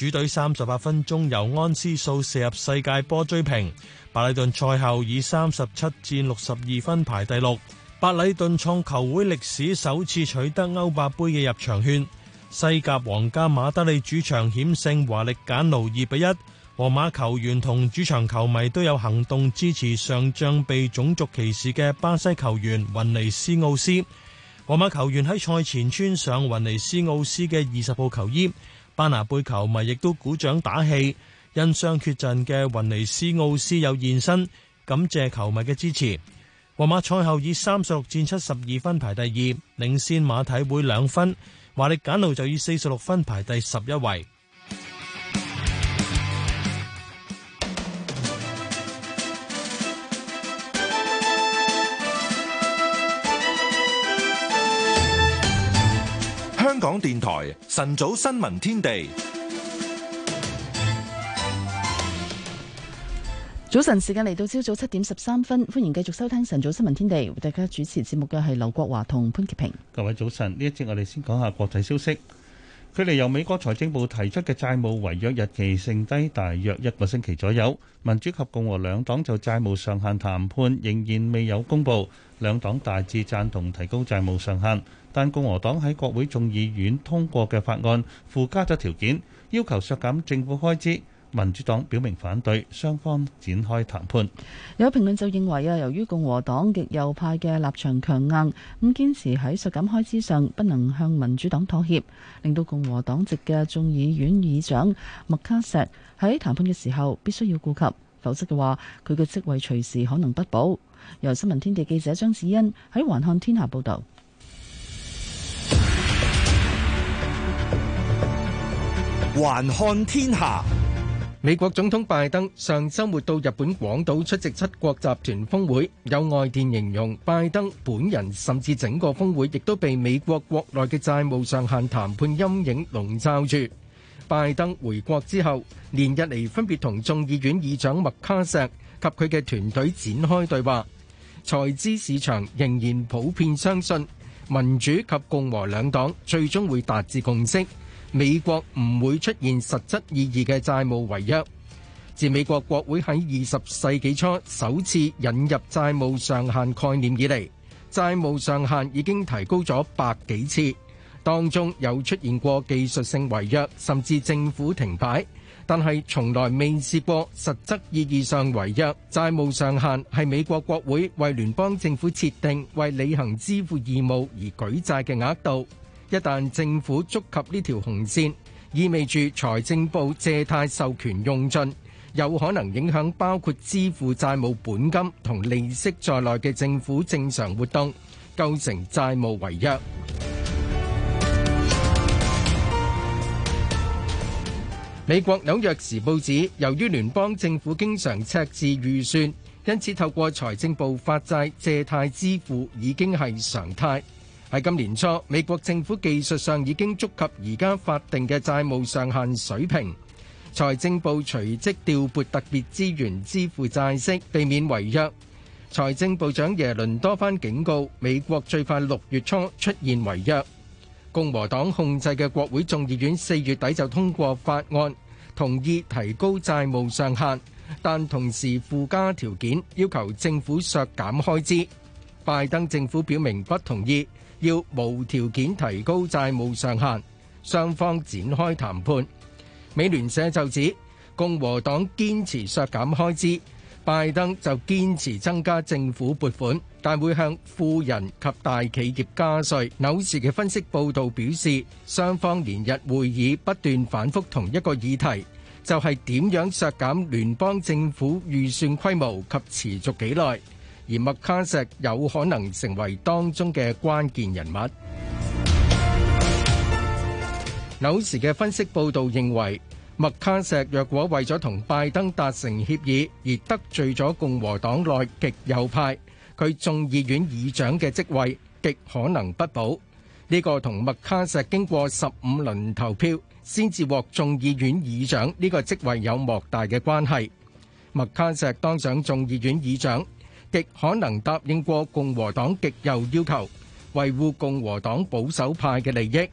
H: 主隊三十八分鐘由安斯素射入世界波追平，白禮頓賽後以三十七戰六十二分排第六。白禮頓創球會歷史首次取得歐霸杯嘅入場券。西甲皇家馬德里主場險勝華力簡奴二比一。皇馬球員同主場球迷都有行動支持上仗被種族歧視嘅巴西球員雲尼斯奧斯。皇馬球員喺賽前穿上雲尼斯奧斯嘅二十號球衣。班拿貝球迷亦都鼓掌打氣，因傷缺陣嘅雲尼斯奧斯有現身，感謝球迷嘅支持。皇馬賽後以三十六戰七十二分排第二，領先馬體會兩分。華力簡奴就以四十六分排第十一位。
A: 港電台晨早新聞天地，
C: 早晨時間嚟到朝早七點十三分，歡迎繼續收聽晨早新聞天地，為大家主持節目嘅係劉國華同潘潔平。
D: 各位早晨，呢一節我哋先講下國際消息。距離由美國財政部提出嘅債務違約日期剩低大約一個星期左右，民主及共和兩黨就債務上限談判仍然未有公布，兩黨大致贊同提高債務上限。但共和黨喺國會眾議院通過嘅法案附加咗條件，要求削減政府開支。民主黨表明反對，雙方展開談判。
C: 有評論就認為啊，由於共和黨極右派嘅立場強硬，咁堅持喺削減開支上不能向民主黨妥協，令到共和黨籍嘅眾議院議長麥卡錫喺談判嘅時候必須要顧及，否則嘅話佢嘅職位隨時可能不保。由新聞天地記者張子欣喺環看天下報導。
L: 還看天下。美國總統拜登上周末到日本廣島出席七國集團峰會，有外電形容拜登本人甚至整個峰會亦都被美國國內嘅債務上限談判陰影籠罩住。拜登回國之後，連日嚟分別同眾議院議長麥卡錫及佢嘅團隊展開對話。財資市場仍然普遍相信民主及共和兩黨最終會達至共識。美國唔會出現實質意義嘅債務違約。自美國國會喺二十世紀初首次引入債務上限概念以嚟，債務上限已經提高咗百幾次，當中有出現過技術性違約，甚至政府停擺，但係從來未試過實質意義上違約。債務上限係美國國會為聯邦政府設定，為履行支付義務而舉債嘅額度。一旦政府觸及呢條紅線，意味住財政部借貸授，授權用盡，有可能影響包括支付債務本金同利息在內嘅政府正常活動，構成債務違約。美國紐約時報指，由於聯邦政府經常赤字預算，因此透過財政部發債借貸支付已經係常態。喺今年初，美國政府技術上已經觸及而家法定嘅債務上限水平，財政部隨即調撥特別資源支付債息，避免違約。財政部長耶倫多番警告，美國最快六月初出現違約。共和黨控制嘅國會眾議院四月底就通過法案，同意提高債務上限，但同時附加條件，要求政府削減開支。拜登政府表明不同意。要無條件提高債務上限，雙方展開談判。美聯社就指共和黨堅持削減開支，拜登就堅持增加政府撥款，但會向富人及大企業加稅。紐時嘅分析報導表示，雙方連日會議不斷反覆同一個議題，就係點樣削減聯邦政府預算規模及持續幾耐。而麥卡錫有可能成為當中嘅關鍵人物。紐時嘅分析報道認為，麥卡錫若果為咗同拜登達成協議而得罪咗共和黨內極右派，佢眾議院議長嘅職位極可能不保。呢個同麥卡錫經過十五輪投票先至獲眾議院議長呢個職位有莫大嘅關係。麥卡錫當上眾議院議長。極可能答應過共和黨極右要求，維護共和黨保守派嘅利益，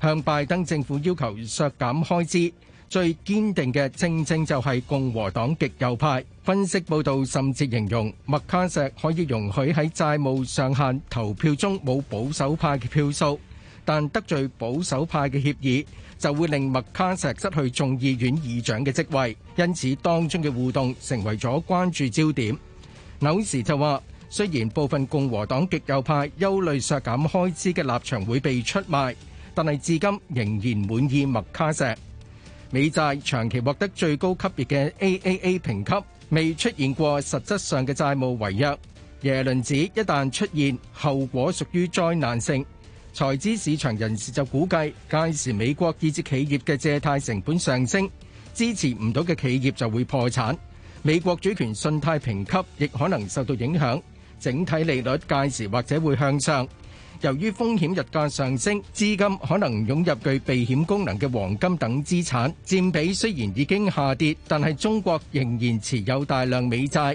L: 向拜登政府要求削減開支。最堅定嘅，正正就係共和黨極右派。分析報道甚至形容麥卡錫可以容許喺債務上限投票中冇保守派嘅票數，但得罪保守派嘅協議就會令麥卡錫失去眾議院議長嘅職位。因此，當中嘅互動成為咗關注焦點。紐時就話，雖然部分共和黨極右派憂慮削減開支嘅立場會被出賣，但係至今仍然滿意麥卡錫。美債長期獲得最高級別嘅 AAA 評級，未出現過實質上嘅債務違約。耶倫指一旦出現，後果屬於災難性。財資市場人士就估計，屆時美國以至企業嘅借貸成本上升，支持唔到嘅企業就會破產。美國主權信貸評級亦可能受到影響，整體利率屆時或者會向上。由於風險日價上升，資金可能湧入具避險功能嘅黃金等資產，佔比雖然已經下跌，但係中國仍然持有大量美債。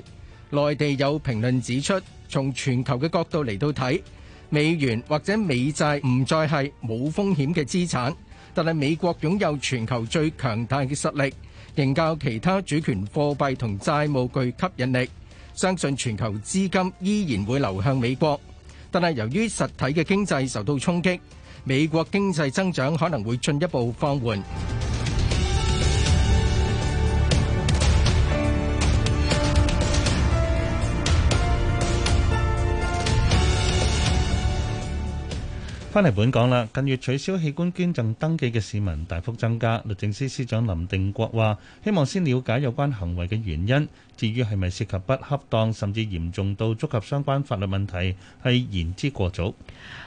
L: 內地有評論指出，從全球嘅角度嚟到睇，美元或者美債唔再係冇風險嘅資產，但係美國擁有全球最強大的實力。仍較其他主權貨幣同債務具吸引力，相信全球資金依然會流向美國，但係由於實體嘅經濟受到衝擊，美國經濟增長可能會進一步放緩。
D: 翻嚟本港啦，近月取消器官捐贈登記嘅市民大幅增加。律政司司長林定國話，希望先了解有關行為嘅原因，至於係咪涉及不恰當，甚至嚴重到觸及相關法律問題，係言之過早。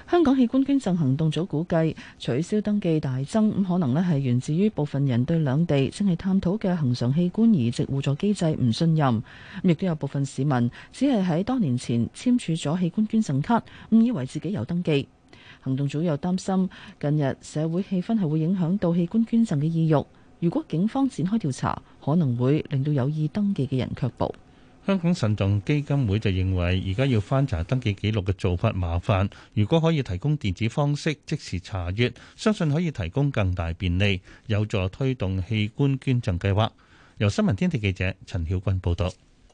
C: 香港器官捐贈行動組估計，取消登記大增，咁可能呢係源自於部分人對兩地正係探討嘅恆常器官移植互助機制唔信任，亦都有部分市民只係喺多年前簽署咗器官捐贈卡，誤以為自己有登記。行動組又擔心，近日社會氣氛係會影響到器官捐贈嘅意欲。如果警方展開調查，可能會令到有意登記嘅人卻步。
D: 香港腎臟基金會就認為，而家要翻查登記記錄嘅做法麻煩。如果可以提供電子方式即時查閱，相信可以提供更大便利，有助推動器官捐贈計劃。由新聞天地記者陳曉君報道。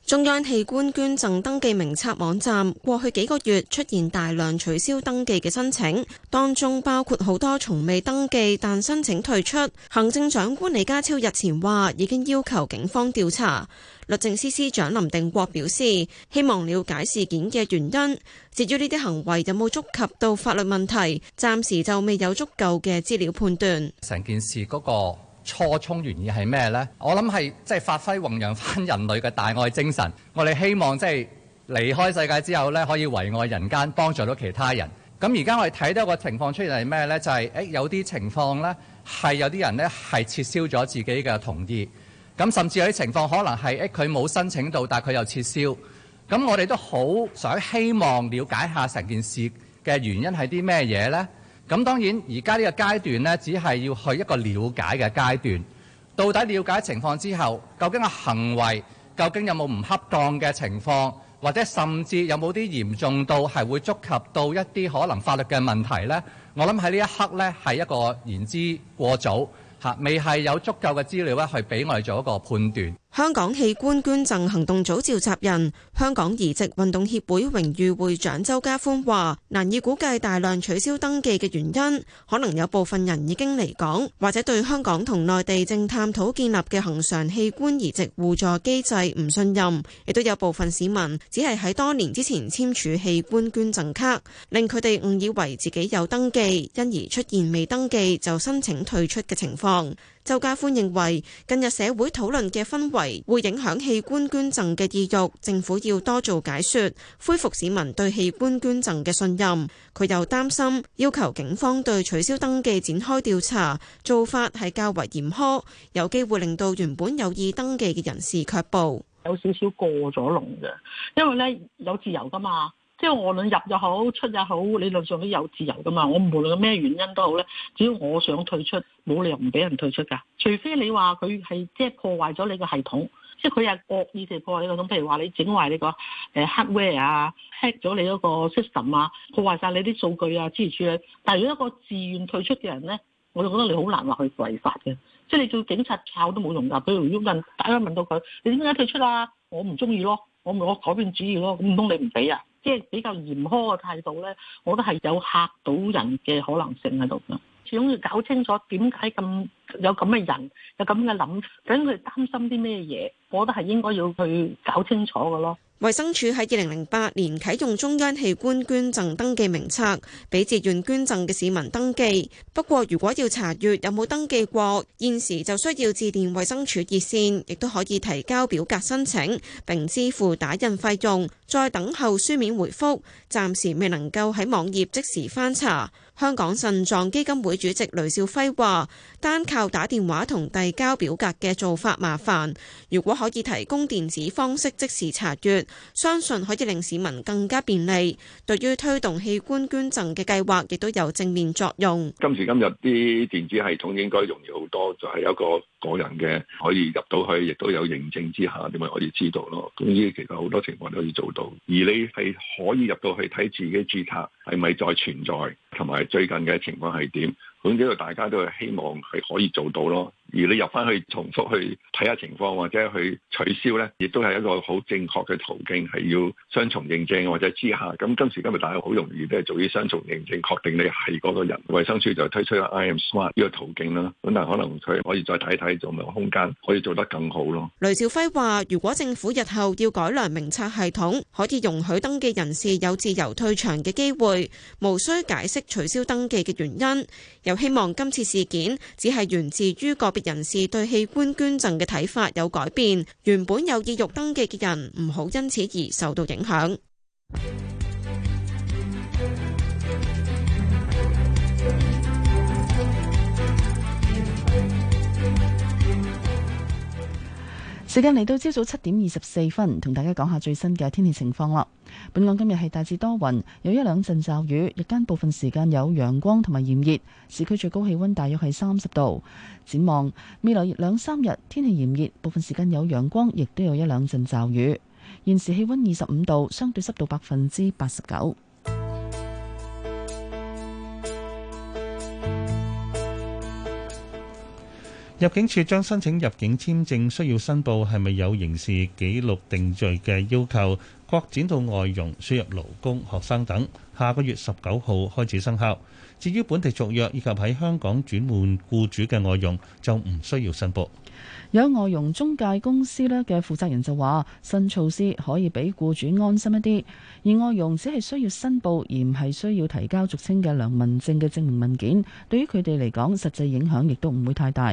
P: 中央器官捐贈登記名冊網站過去幾個月出現大量取消登記嘅申請，當中包括好多從未登記，但申請退出。行政長官李家超日前話已經要求警方調查。律政司司長林定國表示希望了解事件嘅原因，至於呢啲行為有冇觸及到法律問題，暫時就未有足夠嘅資料判斷。
L: 成件事嗰個。初衷原意係咩呢？我諗係即係發揮弘揚翻人類嘅大愛精神，我哋希望即係離開世界之後呢可以為愛人間，幫助到其他人。咁而家我哋睇到個情況出現係咩呢？就係、是、誒、呃、有啲情況呢係有啲人呢係撤銷咗自己嘅同意，咁甚至有啲情況可能係誒佢冇申請到，但係佢又撤銷。咁我哋都好想希望了解下成件事嘅原因係啲咩嘢呢？咁當然，而家呢個階段呢，只係要去一個了解嘅階段。到底了解情況之後，究竟個行為究竟有冇唔恰當嘅情況，或者甚至有冇啲嚴重到係會觸及到一啲可能法律嘅問題呢？我諗喺呢一刻呢，係一個言之過早嚇，未係有足夠嘅資料咧，去俾我哋做一個判斷。
P: 香港器官捐贈行動組召集人，香港移植運動協會榮譽會長周家歡話：難以估計大量取消登記嘅原因，可能有部分人已經離港，或者對香港同內地正探討建立嘅恒常器官移植互助機制唔信任，亦都有部分市民只係喺多年之前簽署器官捐贈卡，令佢哋誤以為自己有登記，因而出現未登記就申請退出嘅情況。周家歡認為，近日社會討論嘅氛圍會影響器官捐贈嘅意欲，政府要多做解說，恢復市民對器官捐贈嘅信任。佢又擔心，要求警方對取消登記展開調查，做法係較為嚴苛，有機會令到原本有意登記嘅人士卻步。有少少過咗龍嘅，因為呢，
M: 有自由㗎嘛。即係我論入又好出又好，理論上都有自由噶嘛。我無論咩原因都好咧，只要我想退出，冇理由唔俾人退出㗎。除非你話佢係即係破壞咗你個系統，即係佢係惡意地破壞你個系統。譬如話你整壞你個誒 hardware 啊，hack 咗你嗰個 system 啊，破壞晒你啲數據啊、資料庫。但係如果一個自願退出嘅人咧，我就覺得你好難話去違法嘅。即係你做警察靠都冇用㗎。比如如果大家問到佢：你點解退出啊？我唔中意咯，我我改變主意咯，唔通你唔俾啊？即係比較嚴苛嘅態度咧，我覺得係有嚇到人嘅可能性喺度嘅。始終要搞清楚點解咁有咁嘅人有咁嘅諗，
P: 究竟佢擔心啲咩嘢？我覺得係應該要去搞清楚嘅咯。衛生署喺二零零八年啟用中央器官捐贈登記名冊，俾自願捐贈嘅市民登記。不過，如果要查閱有冇登記過，現時就需要致電衛生署熱線，亦都可以提交表格申請，並支付打印費用，再等候書面回覆暫時未能夠喺網頁即時翻查。香港腎臟基金會主席雷少輝話，單靠打電話同遞交表格嘅做法麻煩，如果可以提供電子方式即時查閱，相信可以令市民更加便利，對於推動器官捐贈嘅計劃亦都有正面作用。
A: 今時今日啲電子系統應該容易好多，就係有一個。個人嘅可以入到去，亦都有認證之下，你咪可以知道咯？咁呢啲其實好多情況都可以做到，而你係可以入到去睇自己註冊係咪再存在，同埋最近嘅情況係點？咁呢個大家都係希望係可以做到咯。而你入翻去重複去睇下情況，或者去取消呢，亦都係一個好正確嘅途徑，係要雙重認證或者之下。咁今時今日大家好容易都係做啲雙重認證，確定你係嗰個人。衛生署就推出 iAM Smart 呢個途徑啦，咁但可能佢可以再睇睇，仲有空間可以做得更好咯。
P: 雷兆輝話：如果政府日後要改良名冊系統，可以容許登記人士有自由退場嘅機會，無需解釋取消登記嘅原因。又希望今次事件只係源自於個人士對器官捐贈嘅睇法有改變，原本有意欲登記嘅人唔好因此而受到影響。
C: 時間嚟到朝早七點二十四分，同大家講下最新嘅天氣情況啦。本港今日係大致多雲，有一兩陣驟雨，日間部分時間有陽光同埋炎熱，市區最高氣溫大約係三十度。展望未來兩三日，天氣炎熱，部分時間有陽光，亦都有一兩陣驟雨。現時氣溫二十五度，
D: 相對濕度百分之八十九。入境處將申請入境簽證需要申報係咪有刑事記錄定罪嘅要求，擴展到外傭、輸入勞工、學生等。下個月十九號開始生效。至於本地續約以及喺香港轉換僱主嘅外傭，就唔需要申報。
C: 有外傭中介公司咧嘅負責人就話：新措施可以俾僱主安心一啲，而外傭只係需要申報，而唔係需要提交俗稱嘅良民證嘅證明文件。對於佢哋嚟講，實際影響亦都唔會太大。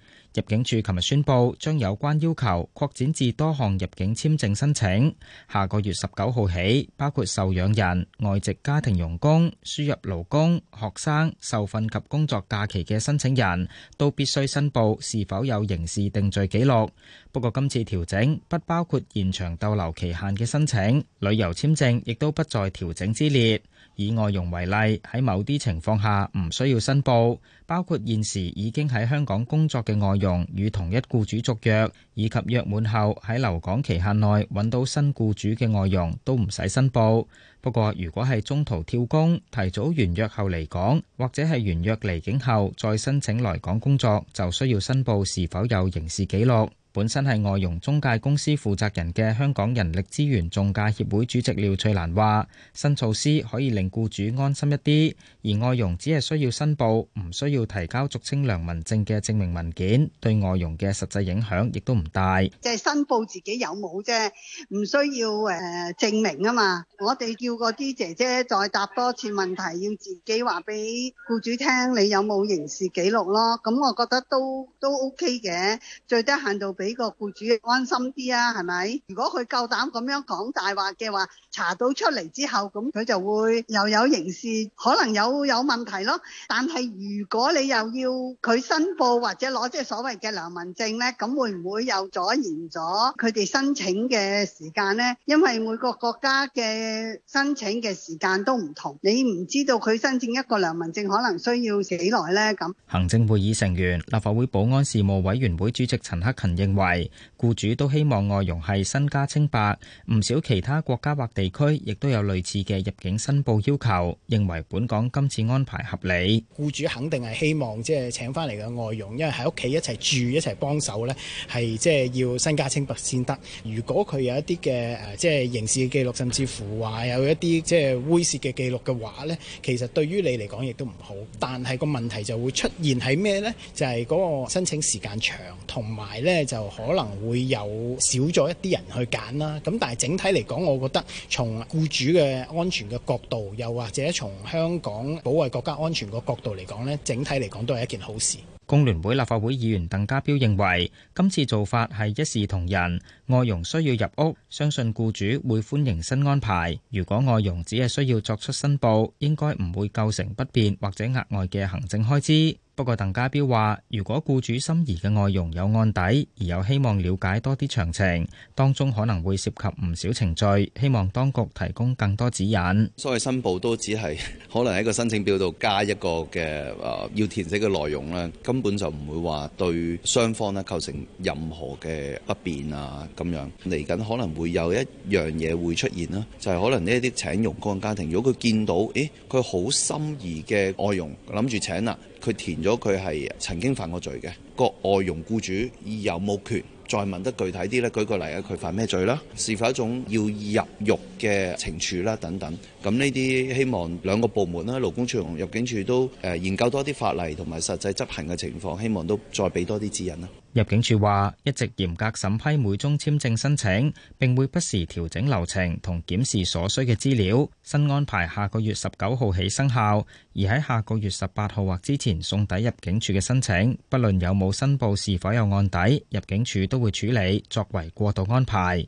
J: 入境處琴日宣布，將有關要求擴展至多項入境簽證申請。下個月十九號起，包括受養人、外籍家庭傭工、輸入勞工、學生、受訓及工作假期嘅申請人，都必須申報是否有刑事定罪記錄。不過，今次調整不包括延長逗留期限嘅申請，旅遊簽證亦都不在調整之列。以外傭為例，喺某啲情況下唔需要申報，包括現時已經喺香港工作嘅外傭與同一僱主續約，以及約滿後喺留港期限內揾到新僱主嘅外傭都唔使申報。不過，如果係中途跳工，提早完約後離港，或者係完約離境後再申請來港工作，就需要申報是否有刑事記錄。本身係外傭中介公司負責人嘅香港人力資源仲介協會主席廖翠蘭話：新措施可以令僱主安心一啲，而外傭只係需要申報，唔需要提交俗稱良民證嘅證明文件，對外傭嘅實際影響亦都唔大。即
Q: 係申報自己有冇啫，唔需要誒證明啊嘛。我哋叫嗰啲姐姐再答多次問題，要自己話俾僱主聽你有冇刑事記錄咯。咁我覺得都都 OK 嘅，最低限度。俾個僱主嘅安心啲啊，係咪？如果佢夠膽咁樣講大話嘅話。查到出嚟之後，咁佢就會又有刑事，可能有有問題咯。但係如果你又要佢申報或者攞即係所謂嘅良民證咧，咁會唔會又阻延咗佢哋申請嘅時間咧？因為每個國家嘅申請嘅時間都唔同，你唔知道佢申請一個良民證可能需要幾耐咧。咁
J: 行政會議成員、立法會保安事務委員會主席陳克勤認為，雇主都希望外傭係身家清白，唔少其他國家或地地區亦都有類似嘅入境申報要求，認為本港今次安排合理。
B: 僱主肯定係希望即係請翻嚟嘅外傭，因為喺屋企一齊住、一齊幫手咧，係即係要身家清白先得。如果佢有一啲嘅，誒即係刑事嘅記錄，甚至乎話有一啲即係猥褻嘅記錄嘅話咧，其實對於你嚟講亦都唔好。但係個問題就會出現喺咩咧？就係嗰個申請時間長同埋咧就可能會有少咗一啲人去揀啦。咁但係整體嚟講，我覺得。從僱主嘅安全嘅角度，又或者從香港保衞國家安全個角度嚟講呢，整體嚟講都係一件好事。
J: 工聯會立法會議員鄧家彪認為，今次做法係一視同仁。外傭需要入屋，相信僱主會歡迎新安排。如果外傭只係需要作出申報，應該唔會構成不便或者額外嘅行政開支。不過鄧家彪話，如果僱主心儀嘅外傭有案底，而又希望了解多啲詳情，當中可能會涉及唔少程序，希望當局提供更多指引。
L: 所謂申報都只係可能喺個申請表度加一個嘅，呃、要填寫嘅內容啦，根本就唔會話對雙方咧構成任何嘅不便啊。咁樣嚟緊可能會有一樣嘢會出現啦，就係、是、可能呢一啲請傭工嘅家庭，如果佢見到，
A: 誒，佢好心儀嘅外傭，諗住請啦。佢填咗佢係曾經犯過
L: 罪嘅，個外傭僱主有冇權再問得具體啲咧？舉個例啊，佢犯咩罪啦？是否一種要入獄嘅懲處啦？等等，咁呢啲希望兩個部門啦，勞工處同入境處都誒、呃、研究多啲法例同埋實際執行嘅情況，希望都再俾多啲指引啦。
J: 入境處話一直嚴格審批每宗簽證申請，並會不時調整流程同檢視所需嘅資料。新安排下個月十九號起生效。而喺下個月十八號或之前送抵入境處嘅申請，不論有冇申報，是否有案底，入境處都會處理，作為過渡安排。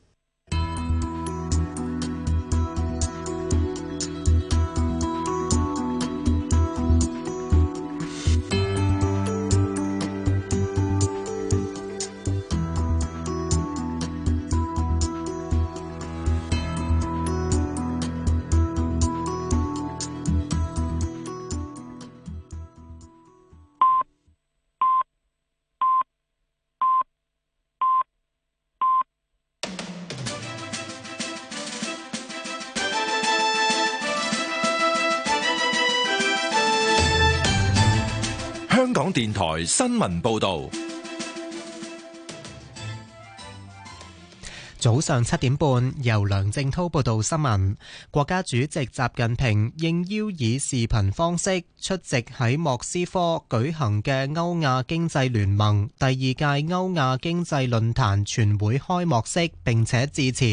A: 新聞報道。
B: 早上七點半，由梁正濤報道新聞。國家主席習近平應邀以視頻方式出席喺莫斯科舉行嘅歐亞經濟聯盟第二屆歐亞經濟論壇全會開幕式，並且致辭。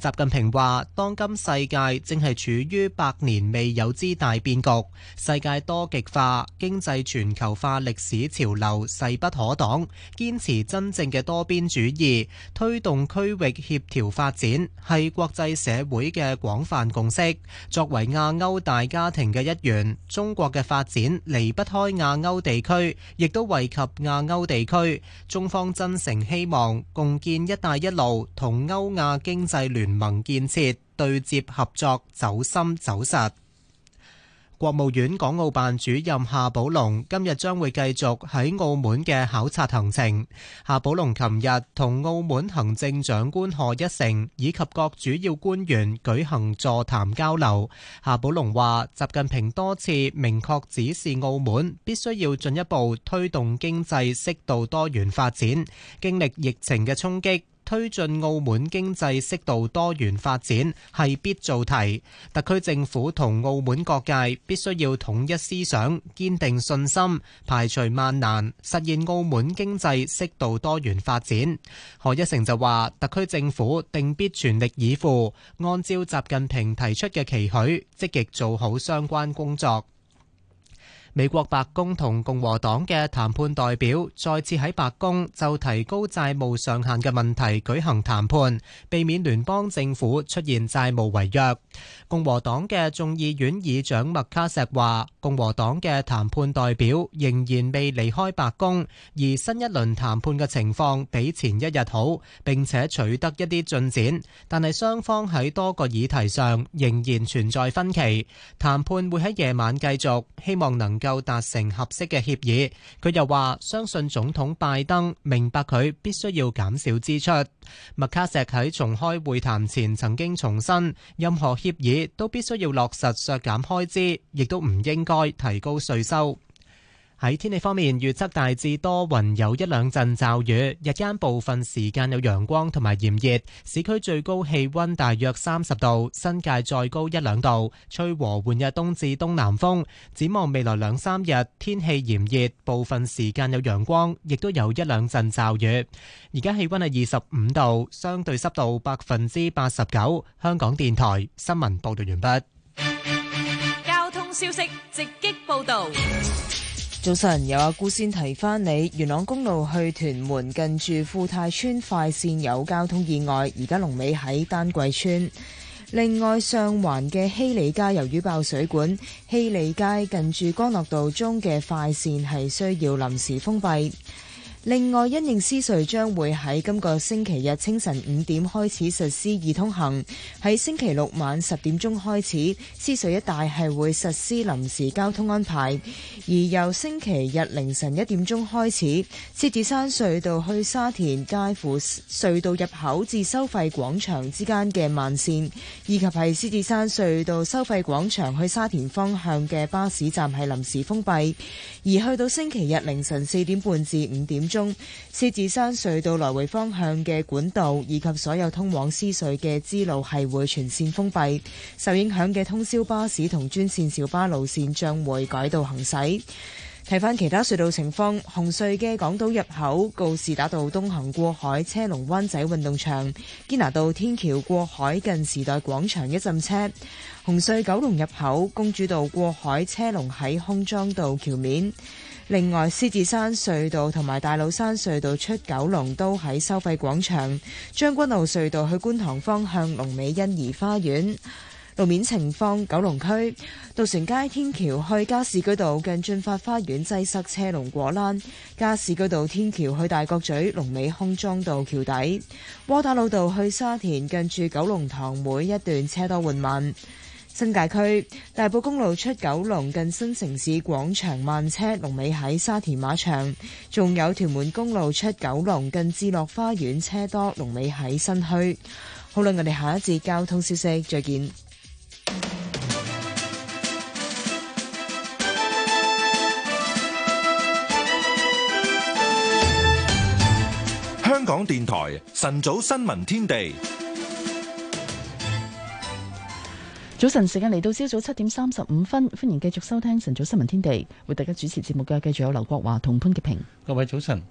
B: 習近平話：當今世界正係處於百年未有之大變局，世界多極化、經濟全球化歷史潮流勢不可擋，堅持真正嘅多邊主義，推動區域。協調發展係國際社會嘅廣泛共識，作為亞歐大家庭嘅一員，中國嘅發展離不開亞歐地區，亦都惠及亞歐地區，中方真誠希望共建「一帶一路」同歐亞經濟聯盟建設對接合作走深走實。國務院港澳辦主任夏寶龍今日將會繼續喺澳門嘅考察行程。夏寶龍琴日同澳門行政長官賀一誠以及各主要官員舉行座談交流。夏寶龍話，習近平多次明確指示澳門必須要進一步推動經濟適度多元發展，經歷疫情嘅衝擊。推進澳門經濟適度多元發展係必做題。特區政府同澳門各界必須要統一思想、堅定信心、排除萬難，實現澳門經濟適度多元發展。賀一誠就話，特區政府定必全力以赴，按照習近平提出嘅期許，積極做好相關工作。美國白宮同共和黨嘅談判代表再次喺白宮就提高債務上限嘅問題舉行談判，避免聯邦政府出現債務違約。共和黨嘅眾議院議長麥卡錫話：共和黨嘅談判代表仍然未離開白宮，而新一輪談判嘅情況比前一日好，並且取得一啲進展，但係雙方喺多個議題上仍然存在分歧。談判會喺夜晚繼續，希望能夠達成合適嘅協議。佢又話相信總統拜登明白佢必須要減少支出。麥卡錫喺重開會談前曾經重申，任何協議都必須要落實削減開支，亦都唔應該提高稅收。喺天氣方面，預測大致多雲，有一兩陣驟雨，日間部分時間有陽光同埋炎熱，市區最高氣溫大約三十度，新界再高一兩度，吹和緩嘅東至東南風。展望未來兩三日，天氣炎熱，部分時間有陽光，亦都有一兩陣驟雨。而家氣溫係二十五度，相對濕度百分之八十九。香港電台新聞報道完畢。
M: 交通消息直擊報道。
B: 早晨，有阿姑先提翻你，
N: 元朗公路去屯門近住富泰邨快綫有交通意外，而家龍尾喺丹桂村。另外，上環嘅希利街由於爆水管，希利街近住江樂道中嘅快綫係需要臨時封閉。另外，因應獅隧將會喺今個星期日清晨五點開始實施易通行；喺星期六晚十點鐘開始，獅隧一帶係會實施臨時交通安排。而由星期日凌晨一點鐘開始，獅子山隧道去沙田介乎隧道入口至收費廣場之間嘅慢綫，以及係獅子山隧道收費廣場去沙田方向嘅巴士站係臨時封閉，而去到星期日凌晨四點半至五點，中獅子山隧道來回方向嘅管道，以及所有通往獅隧嘅支路係會全線封閉，受影響嘅通宵巴士同專線小巴路線將會改道行駛。睇翻其他隧道情況，紅隧嘅港島入口告士打道東行過海車龍灣仔運動場，堅拿道天橋過海近時代廣場一陣車，紅隧九龍入口公主道過海車龍喺康莊道橋面。另外，獅子山隧道同埋大老山隧道出九龍都喺收費廣場，將軍澳隧道去觀塘方向龍尾欣怡花園路面情況，九龍區渡船街天橋去加士居道近駿發花園擠塞車龍果欄，加士居道天橋去大角咀龍尾康莊道橋底，窩打老道去沙田近住九龍塘每一段車多緩慢。新界區大埔公路出九龍近新城市廣場慢車，龍尾喺沙田馬場；仲有屯門公路出九龍近智樂花園，車多，龍尾喺新墟。好啦，我哋下一節交通消息，再見。
A: 香港電台晨早新聞天地。
C: 早晨，時間嚟到朝早七點三十五分，歡迎繼續收聽晨早新聞天地。為大家主持節目嘅，繼續有劉國華同潘潔平。
D: 各位早晨，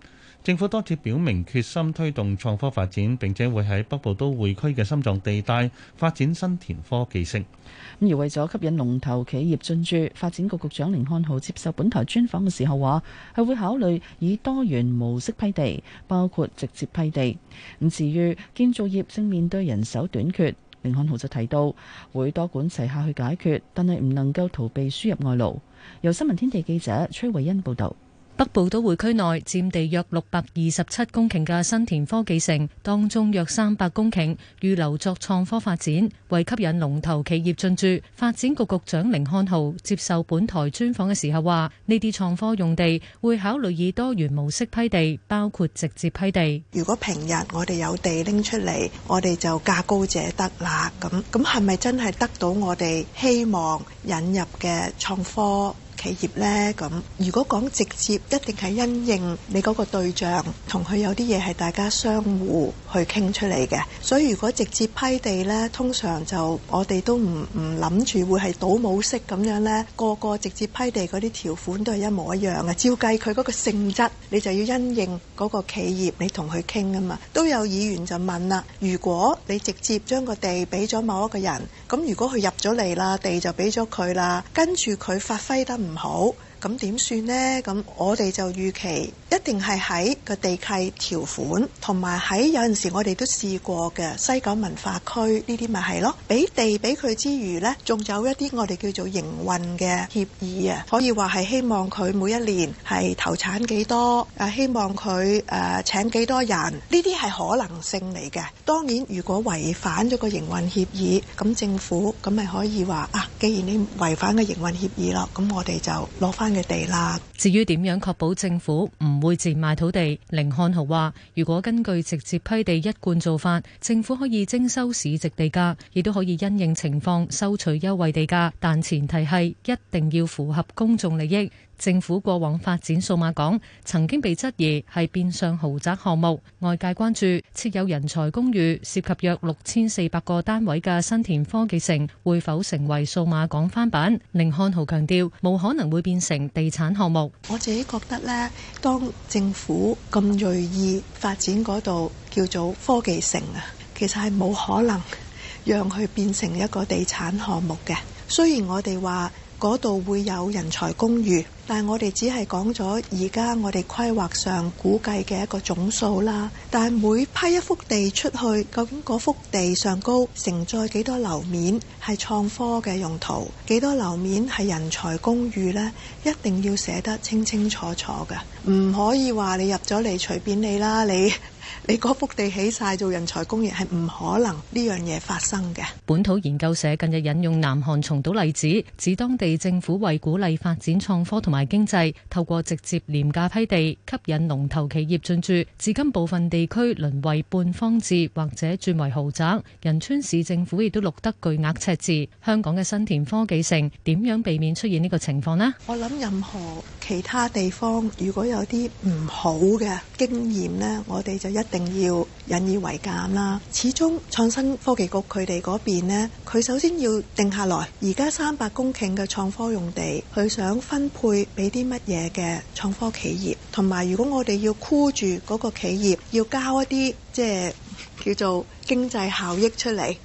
D: 政府多次表明決心推動創科發展，並且會喺北部都會區嘅心臟地帶發展新田科技城。
C: 咁而為咗吸引龍頭企業進駐，發展局局長甯漢豪接受本台專訪嘅時候話，係會考慮以多元模式批地，包括直接批地。咁至於建造業正面對人手短缺。凌漢豪就提到，會多管齊下去解決，但係唔能夠逃避輸入外勞。由新聞天地記者崔慧欣報道。北部都會區內佔
M: 地約六百二十七公頃嘅新田科技城，當中約三百公頃預留作創科發展。為吸引龍頭企業進駐，發展局局長甯漢豪接受本台專訪嘅時候話：呢啲創科用地會考慮以多元模式批地，包括直接批地。
Q: 如果平日我哋有地拎出嚟，我哋就價高者得啦。咁咁係咪真係得到我哋希望引入嘅創科？企業呢咁，如果講直接，一定係因應你嗰個對象，同佢有啲嘢係大家相互去傾出嚟嘅。所以如果直接批地呢，通常就我哋都唔唔諗住會係倒模式咁樣呢，個個直接批地嗰啲條款都係一模一樣啊。照計佢嗰個性質，你就要因應嗰個企業，你同佢傾啊嘛。都有議員就問啦：如果你直接將個地俾咗某一個人，咁如果佢入咗嚟啦，地就俾咗佢啦，跟住佢發揮得唔？唔好。咁點算呢？咁我哋就預期一定係喺個地契條款，同埋喺有陣時我哋都試過嘅西九文化區呢啲咪係咯。俾地俾佢之餘呢，仲有一啲我哋叫做營運嘅協議啊，可以話係希望佢每一年係投產幾多，啊希望佢誒請幾多人，呢啲係可能性嚟嘅。當然，如果違反咗個營運協議，咁政府咁咪可以話啊，既然你違反個營運協議咯，咁我哋就攞翻嘅地
M: 啦。至於點樣確保政府唔會賤賣土地，寧漢豪話：如果根據直接批地一貫做法，政府可以徵收市值地價，亦都可以因應情況收取優惠地價，但前提係一定要符合公眾利益。政府過往發展數碼港，曾經被質疑係變相豪宅項目，外界關注設有人才公寓、涉及約六千四百個單位嘅新田科技城會否成為數碼港翻版？甯漢豪強調，冇可能會變成地產項目。
Q: 我自己覺得咧，當政府咁銳意發展嗰度叫做科技城啊，其實係冇可能讓佢變成一個地產項目嘅。雖然我哋話。嗰度會有人才公寓，但係我哋只係講咗而家我哋規劃上估計嘅一個總數啦。但係每批一幅地出去，究竟嗰幅地上高承載幾多樓面係創科嘅用途，幾多樓面係人才公寓呢？一定要寫得清清楚楚嘅，唔可以話你入咗嚟隨便你啦，你。你嗰幅地起晒做人才公寓，係唔可能呢樣嘢發生嘅。
M: 本土研究社近日引用南韓松島例子，指當地政府為鼓勵發展創科同埋經濟，透過直接廉價批地吸引龍頭企業進駐，至今部分地區淪為半荒置或者轉為豪宅。仁川市政府亦都錄得巨額赤字。香港嘅新田科技城點樣避免出現呢個情況呢？
Q: 我諗任何。其他地方如果有啲唔好嘅經驗咧，我哋就一定要引以為鑑啦。始終創新科技局佢哋嗰邊咧，佢首先要定下來，而家三百公頃嘅創科用地，佢想分配俾啲乜嘢嘅創科企業，同埋如果我哋要箍住嗰個企業要交一啲即係叫做經濟效益出嚟，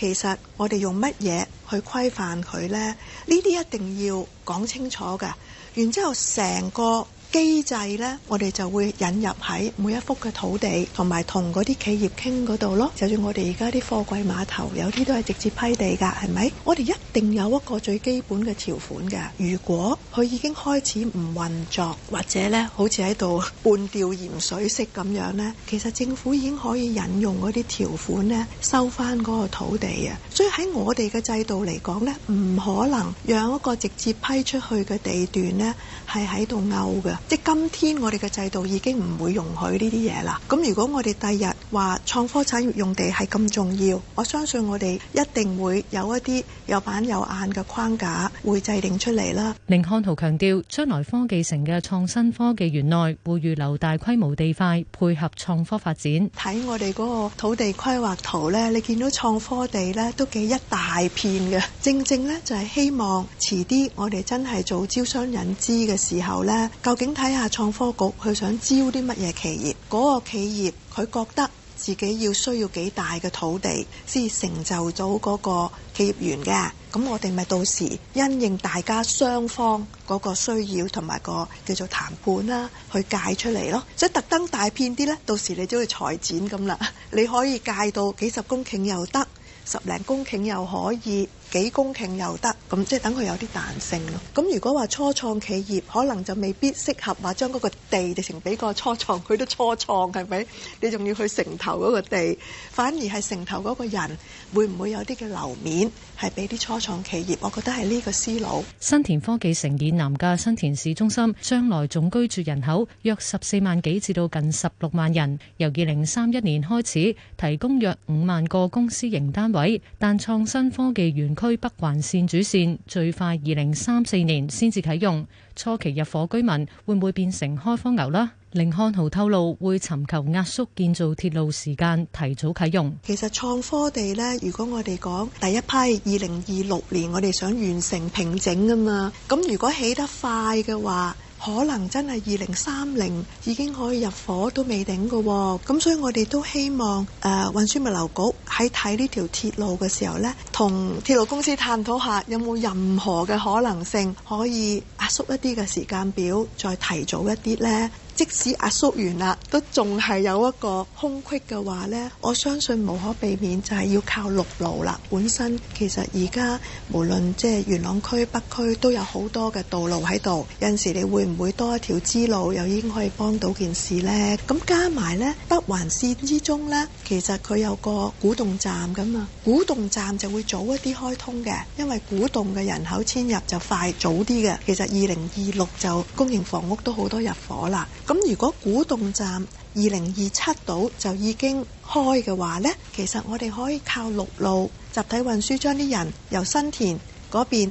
Q: 其實我哋用乜嘢去規範佢咧？呢啲一定要講清楚嘅。然之後成個。機制呢，我哋就會引入喺每一幅嘅土地，同埋同嗰啲企業傾嗰度咯。就算我哋而家啲貨櫃碼頭有啲都係直接批地㗎，係咪？我哋一定有一個最基本嘅條款嘅。如果佢已經開始唔運作，或者呢好似喺度半吊鹽水式咁樣呢，其實政府已經可以引用嗰啲條款呢收翻嗰個土地啊。所以喺我哋嘅制度嚟講呢，唔可能讓一個直接批出去嘅地段呢係喺度勾嘅。即今天我哋嘅制度已經唔會容許呢啲嘢啦。咁如果我哋第日話創科產業用地係咁重要，我相信我哋一定會有一啲有板有眼嘅框架會制定出嚟啦。
M: 寧漢豪強調，將來科技城嘅創新科技園內會預留大規模地塊，配合創科發展。
Q: 睇我哋嗰個土地規劃圖咧，你見到創科地咧都幾一大片嘅，正正咧就係希望遲啲我哋真係做招商引資嘅時候咧，究竟睇下創科局佢想招啲乜嘢企業，嗰個企業佢覺得自己要需要幾大嘅土地先成就到嗰個企業園嘅，咁我哋咪到時因應大家雙方嗰個需要同埋個叫做談判啦，去界出嚟咯。所以特登大片啲呢，到時你都要裁剪咁啦，你可以界到幾十公頃又得，十零公頃又可以。幾公頃又得，咁即係等佢有啲彈性咯。咁如果話初創企業，可能就未必適合話將嗰個地變成俾個初創，佢都初創係咪？你仲要去城頭嗰個地，反而係城頭嗰個人，會唔會有啲嘅樓面？係俾啲初創企業，我覺得係呢個思路。新
M: 田科技城以南嘅新田市中心，將來總居住人口約十四萬幾至到近十六萬人。由二零三一年開始提供約五萬個公司型單位，但創新科技園區北環線主綫最快二零三四年先至啟用。初期入伙居民會唔會變成開荒牛呢？甯漢豪透露會尋求壓縮建造鐵路時間，提早啟用。
Q: 其實創科地呢，如果我哋講第一批二零二六年,我哋想完成平整啊嘛。咁如果起得快嘅話，可能真係二零三零已經可以入伙都未定㗎喎。咁所以我哋都希望誒運輸物流局喺睇呢條鐵路嘅時候呢，同鐵路公司探討下有冇任何嘅可能性可以壓縮一啲嘅時間表，再提早一啲呢。即使壓縮完啦，都仲係有一個空隙嘅話呢。我相信無可避免就係要靠陸路啦。本身其實而家無論即係元朗區北區都有好多嘅道路喺度，有陣時你會唔會多一條支路又應該可以幫到件事呢？咁加埋呢北環線之中呢，其實佢有個古洞站㗎嘛，古洞站就會早一啲開通嘅，因為古洞嘅人口遷入就快早啲嘅。其實二零二六就公營房屋都好多入伙啦。咁如果古洞站二零二七到就已經開嘅話咧，其實我哋可以靠陸路集體運輸將啲人由新田嗰邊。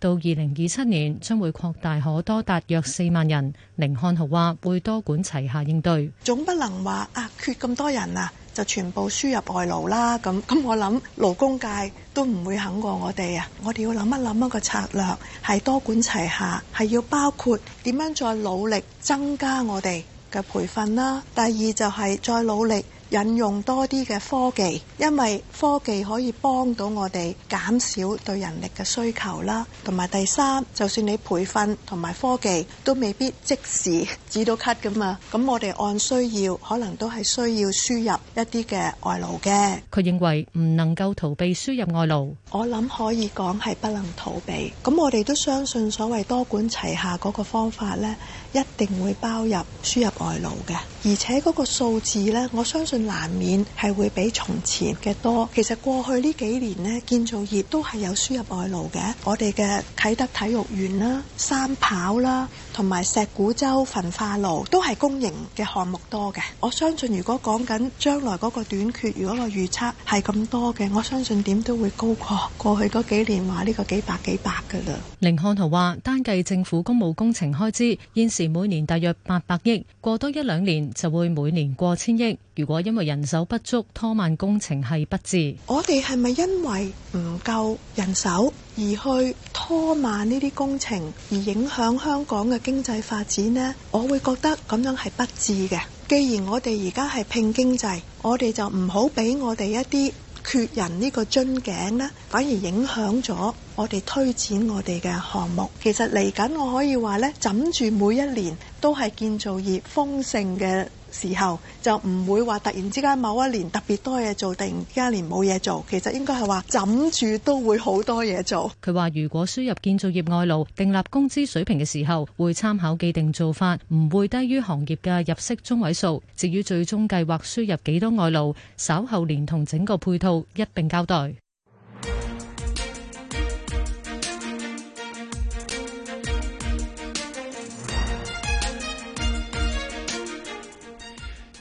M: 到二零二七年，將會擴大可多達約四萬人。甯漢豪話會多管齊下應對，
Q: 總不能話啊缺咁多人啊，就全部輸入外勞啦。咁咁我諗勞工界都唔會肯過我哋啊。我哋要諗一諗一個策略，係多管齊下，係要包括點樣再努力增加我哋嘅培訓啦。第二就係再努力。引用多啲嘅科技，因為科技可以幫到我哋減少對人力嘅需求啦。同埋第三，就算你培訓同埋科技都未必即時止到咳噶嘛。咁我哋按需要，可能都係需要輸入一啲嘅外勞
M: 嘅。佢認為唔能夠逃避輸入外勞，
Q: 我諗可以講，係不能逃避。咁我哋都相信所謂多管齊下嗰個方法咧。一定會包入輸入外勞嘅，而且嗰個數字呢，我相信難免係會比從前嘅多。其實過去呢幾年呢，建造業都係有輸入外勞嘅。我哋嘅啟德體育園啦、三跑啦，同埋石鼓洲焚化爐都係公營嘅項目多嘅。我相信如果講緊將來嗰個短缺，如果個預測係咁多嘅，我相信點都會高過過去嗰幾年話呢個幾百幾百嘅啦。
M: 凌漢豪話：單計政府公務工程開支，現是每年大約八百億，過多一兩年就會每年過千億。如果因為人手不足，拖慢工程係不智。
Q: 我哋係咪因為唔夠人手而去拖慢呢啲工程，而影響香港嘅經濟發展呢？我會覺得咁樣係不智嘅。既然我哋而家係拼經濟，我哋就唔好俾我哋一啲。缺人呢個樽頸咧，反而影響咗我哋推展我哋嘅項目。其實嚟緊，我可以話呢，枕住每一年都係建造業豐盛嘅。時候就唔會話突然之間某一年特別多嘢做，定，突然之間一年冇嘢做。其實應該，係話枕住都會好多嘢做。
M: 佢話如果輸入建造業外勞訂立工資水平嘅時候，會參考既定做法，唔會低於行業嘅入息中位數，至於最終計劃輸入幾多外勞，稍後連同整個配套一併交代。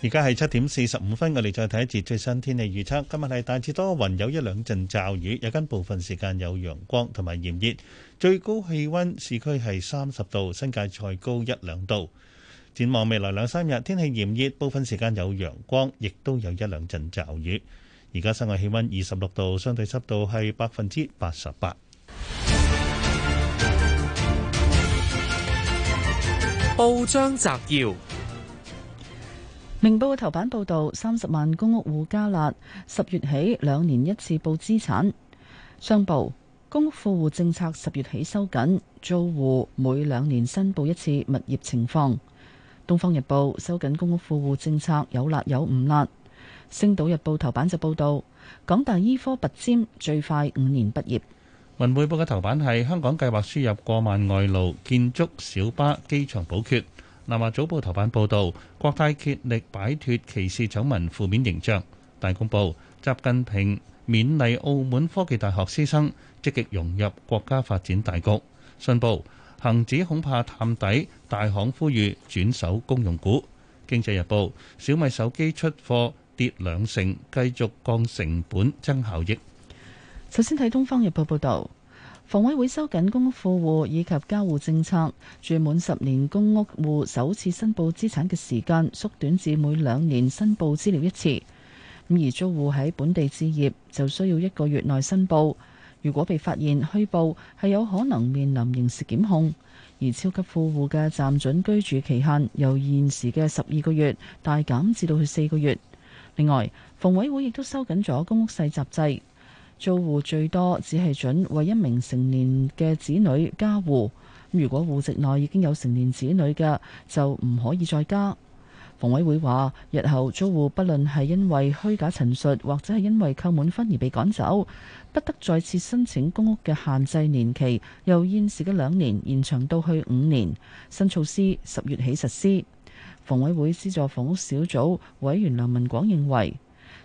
D: 而家係七點四十五分，我哋再睇一節最新天氣預測。今日係大致多雲，有一兩陣驟雨，有間部分時間有陽光同埋炎熱。最高氣溫市區係三十度，新界再高一兩度。展望未來兩三日，天氣炎熱，部分時間有陽光，亦都有一兩陣驟雨。而家室外氣溫二十六度，相對濕度係百分之八十八。
L: 報章摘要。
C: 明報嘅頭版報道，三十萬公屋戶加辣，十月起兩年一次報資產。商報公屋富戶政策十月起收緊，租戶每兩年申報一次物業情況。東方日報收緊公屋富戶政策，有辣有唔辣。星島日報頭版就報道，港大醫科拔尖，最快五年畢業。
D: 文匯報嘅頭版係香港計劃輸入過萬外勞，建築小巴機場補缺。南華早報頭版報道，國泰竭力擺脫歧視醜聞負面形象。大公報，習近平勉勵澳門科技大學師生積極融入國家發展大局。信報，恒指恐怕探底，大行呼籲轉手公用股。經濟日報，小米手機出貨跌兩成，繼續降成本增效益。
C: 首先睇東方日報報道。房委會收緊公屋富戶以及交戶政策，住滿十年公屋戶首次申報資產嘅時間縮短至每兩年申報資料一次。咁而租戶喺本地置業就需要一個月內申報，如果被發現虛報，係有可能面臨刑事檢控。而超級富戶嘅暫准居住期限由現時嘅十二個月大減至到去四個月。另外，房委會亦都收緊咗公屋細集制。租戶最多只係準為一名成年嘅子女加戶，如果戶籍內已經有成年子女嘅，就唔可以再加。房委會話，日後租戶不論係因為虛假陳述或者係因為扣滿分而被趕走，不得再次申請公屋嘅限制年期，由現時嘅兩年延長到去五年。新措施十月起實施。房委會資助房屋小組委員梁文廣認為。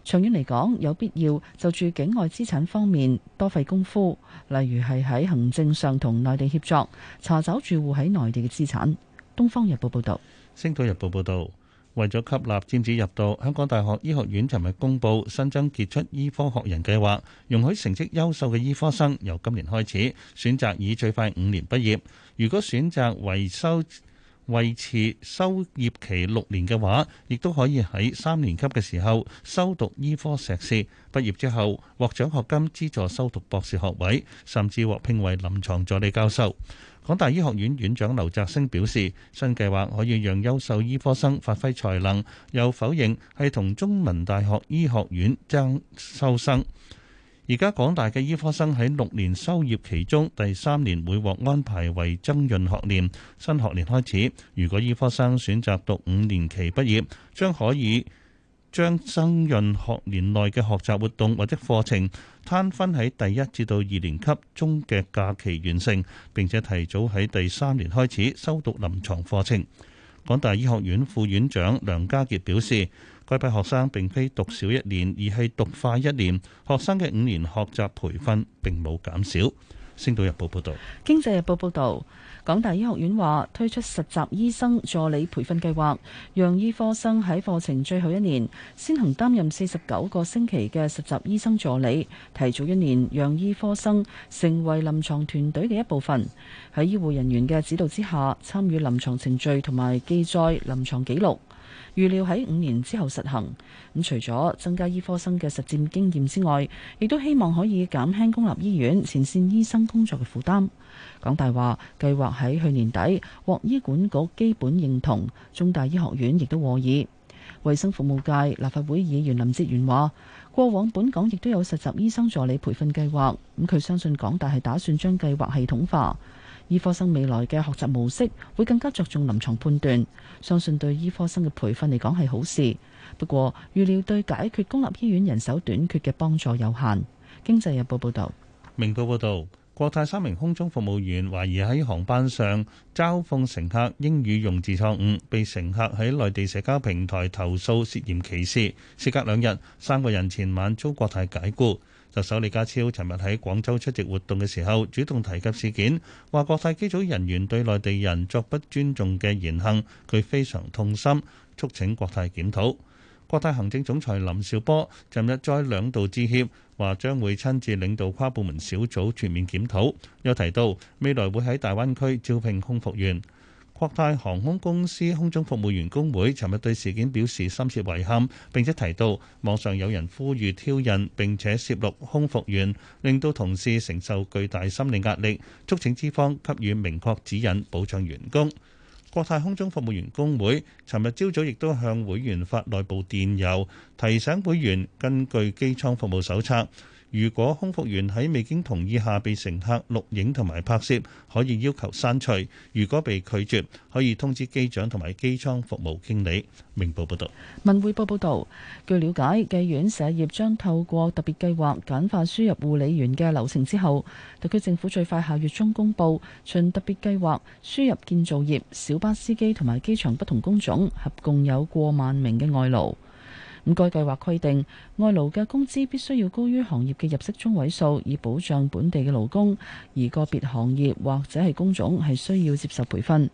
C: 長遠嚟講，有必要就住境外資產方面多費功夫，例如係喺行政上同內地協作，查找住戶喺內地嘅資產。《東方日報》報道，
D: 《星島日報》報道，為咗吸納尖子入讀，香港大學醫學院尋日公布新增傑出醫科學人計劃，容許成績優秀嘅醫科生由今年開始選擇以最快五年畢業。如果選擇維修維持修業期六年嘅話，亦都可以喺三年級嘅時候修讀醫科碩士，畢業之後獲獎學金資助修讀博士學位，甚至獲聘為臨床助理教授。港大醫學院院長劉澤星表示，新計劃可以讓優秀醫科生發揮才能，又否認係同中文大學醫學院爭修生。而家港大嘅醫科生喺六年修業期中第三年會獲安排為增潤學年，新學年開始，如果醫科生選擇讀五年期畢業，將可以將增潤學年內嘅學習活動或者課程攤分喺第一至到二年級中嘅假期完成，並且提早喺第三年開始修讀臨床課程。港大醫學院副院長梁家傑表示。批拜學生並非讀少一年，而係讀快一年。學生嘅五年學習培訓並冇減少。星島日報報導，
C: 經濟日報報導，港大醫學院話推出實習醫生助理培訓計劃，讓醫科生喺課程最後一年先行擔任四十九個星期嘅實習醫生助理，提早一年讓醫科生成為臨床團隊嘅一部分，喺醫護人員嘅指導之下參與臨床程序同埋記載臨床記錄。預料喺五年之後實行，咁除咗增加醫科生嘅實戰經驗之外，亦都希望可以減輕公立醫院前線醫生工作嘅負擔。港大話計劃喺去年底獲醫管局基本認同，中大醫學院亦都和議。衛生服務界立法會議員林哲玄話，過往本港亦都有實習醫生助理培訓計劃，咁佢相信港大係打算將計劃系統化。醫科生未來嘅學習模式會更加着重臨床判斷，相信對醫科生嘅培訓嚟講係好事。不過預料對解決公立醫院人手短缺嘅幫助有限。經濟日報報道：
D: 明報報道，國泰三名空中服務員懷疑喺航班上嘲諷乘客英語用字錯誤，被乘客喺內地社交平台投訴涉嫌歧視。事隔兩日，三個人前晚遭國泰解雇。特首李家超尋日喺廣州出席活動嘅時候，主動提及事件，話國泰機組人員對內地人作不尊重嘅言行，佢非常痛心，促請國泰檢討。國泰行政總裁林紹波尋日再兩度致歉，話將會親自領導跨部門小組全面檢討，又提到未來會喺大灣區招聘空服員。國泰航空公司空中服務員工會尋日對事件表示深切遺憾，並且提到網上有人呼籲挑釁，並且攝錄空服員，令到同事承受巨大心理壓力，促請資方給予明確指引，保障員工。國泰空中服務員工會尋日朝早亦都向會員發內部電郵，提醒會員根據機艙服務手冊。如果空服員喺未經同意下被乘客錄影同埋拍攝，可以要求刪除；如果被拒絕，可以通知機長同埋機艙服務經理。明報報道。
C: 文匯報報道，據了解，計院社業將透過特別計劃簡化輸入護理員嘅流程之後，特區政府最快下月中公布，循特別計劃輸入建造業、小巴司機同埋機場不同工種，合共有過萬名嘅外勞。該計劃規定外勞嘅工資必須要高於行業嘅入息中位數，以保障本地嘅勞工。而個別行業或者係工種係需要接受培訓。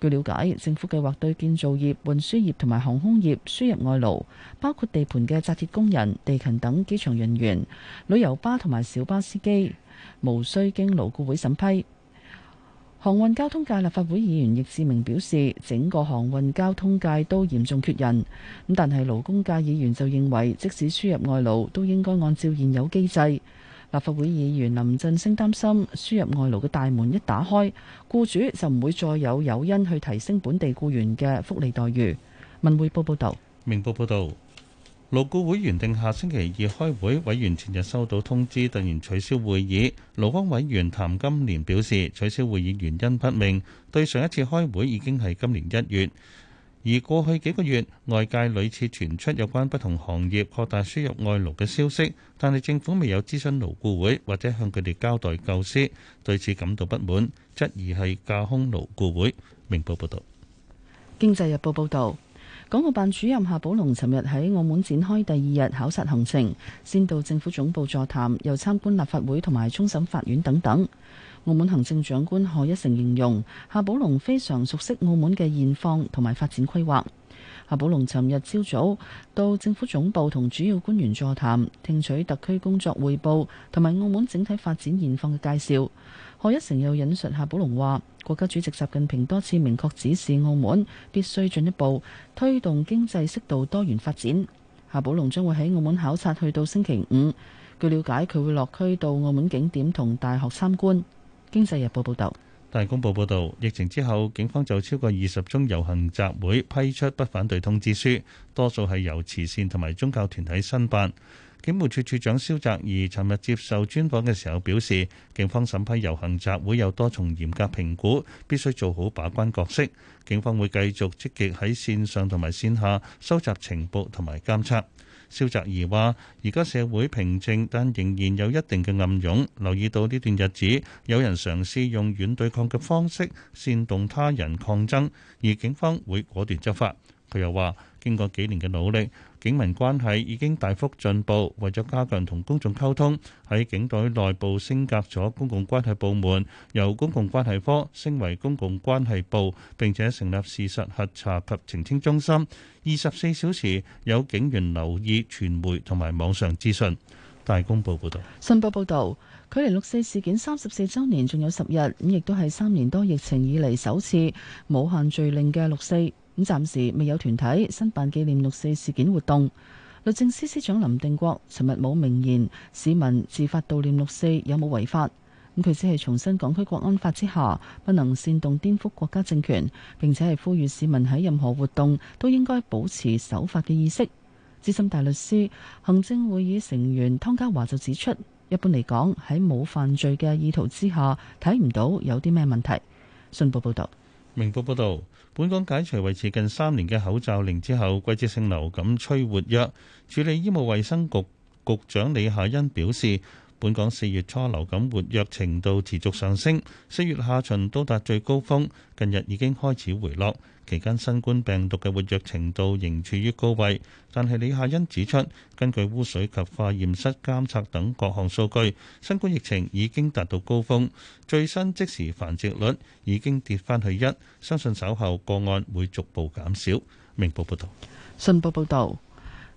C: 據了解，政府計劃對建造業、運輸業同埋航空業輸入外勞，包括地盤嘅紮鐵工人、地勤等機場人員、旅遊巴同埋小巴司機，無需經勞顧會審批。航運交通界立法會議員易志明表示，整個航運交通界都嚴重缺人。咁但係勞工界議員就認為，即使輸入外勞，都應該按照現有機制。立法會議員林振昇擔心，輸入外勞嘅大門一打開，僱主就唔會再有誘因去提升本地僱員嘅福利待遇。文匯報報道，
D: 明報報道。勞顧會原定下星期二開會，委員前日收到通知，突然取消會議。勞方委員譚金蓮表示，取消會議原因不明，對上一次開會已經係今年一月，而過去幾個月外界屢次傳出有關不同行業擴大輸入外勞嘅消息，但係政府未有諮詢勞顧會或者向佢哋交代構思，對此感到不滿，質疑係架空勞顧會。明報報道。
C: 《經濟日報》報道。港澳辦主任夏寶龍尋日喺澳門展開第二日考察行程，先到政府總部座談，又參觀立法會同埋終審法院等等。澳門行政長官賀一誠形容夏寶龍非常熟悉澳門嘅現況同埋發展規劃。夏寶龍尋日朝早到政府總部同主要官員座談，聽取特區工作匯報同埋澳門整體發展現況嘅介紹。何一成又引述夏寶龍話，國家主席習近平多次明確指示澳門必須進一步推動經濟適度多元發展。夏寶龍將會喺澳門考察，去到星期五。據了解，佢會落區到澳門景點同大學參觀。經濟日報報道，
D: 大公報報道，疫情之後，警方就超過二十宗遊行集會批出不反對通知書，多數係由慈善同埋宗教團體申辦。警務處處長蕭澤頤尋日接受專訪嘅時候表示，警方審批遊行集會有多重嚴格評估，必須做好把關角色。警方會繼續積極喺線上同埋線下收集情報同埋監測。蕭澤頤話：而家社會平靜，但仍然有一定嘅暗湧。留意到呢段日子，有人嘗試用軟對抗嘅方式煽動他人抗爭，而警方會果斷執法。佢又話：經過幾年嘅努力。警民關係已經大幅進步，為咗加強同公眾溝通，喺警隊內部升格咗公共關係部門，由公共關係科升為公共關係部，並且成立事實核查及澄清中心，二十四小時有警員留意傳媒同埋網上資訊。大公報報導，
C: 新報報導，距離六四事件三十四周年仲有十日，咁亦都係三年多疫情以嚟首次無限聚令嘅六四。咁暫時未有團體申辦紀念六四事件活動。律政司司長林定國尋日冇明言市民自發悼念六四有冇違法。咁佢只係重申港區國安法之下不能煽動顛覆國家政權，並且係呼籲市民喺任何活動都應該保持守法嘅意識。資深大律師、行政會議成員湯家驊就指出，一般嚟講喺冇犯罪嘅意圖之下，睇唔到有啲咩問題。信報報導，
D: 明報報導。本港解除維持近三年嘅口罩令之後，季節性流感趨活躍。署理醫務衛生局局長李夏茵表示。本港四月初流感活躍程度持續上升，四月下旬到達最高峰，近日已經開始回落。期間新冠病毒嘅活躍程度仍處於高位，但係李夏茵指出，根據污水及化驗室監測等各項數據，新冠疫情已經達到高峰。最新即時繁殖率已經跌翻去一，相信稍後個案會逐步減少。明報報道，信
C: 報報道。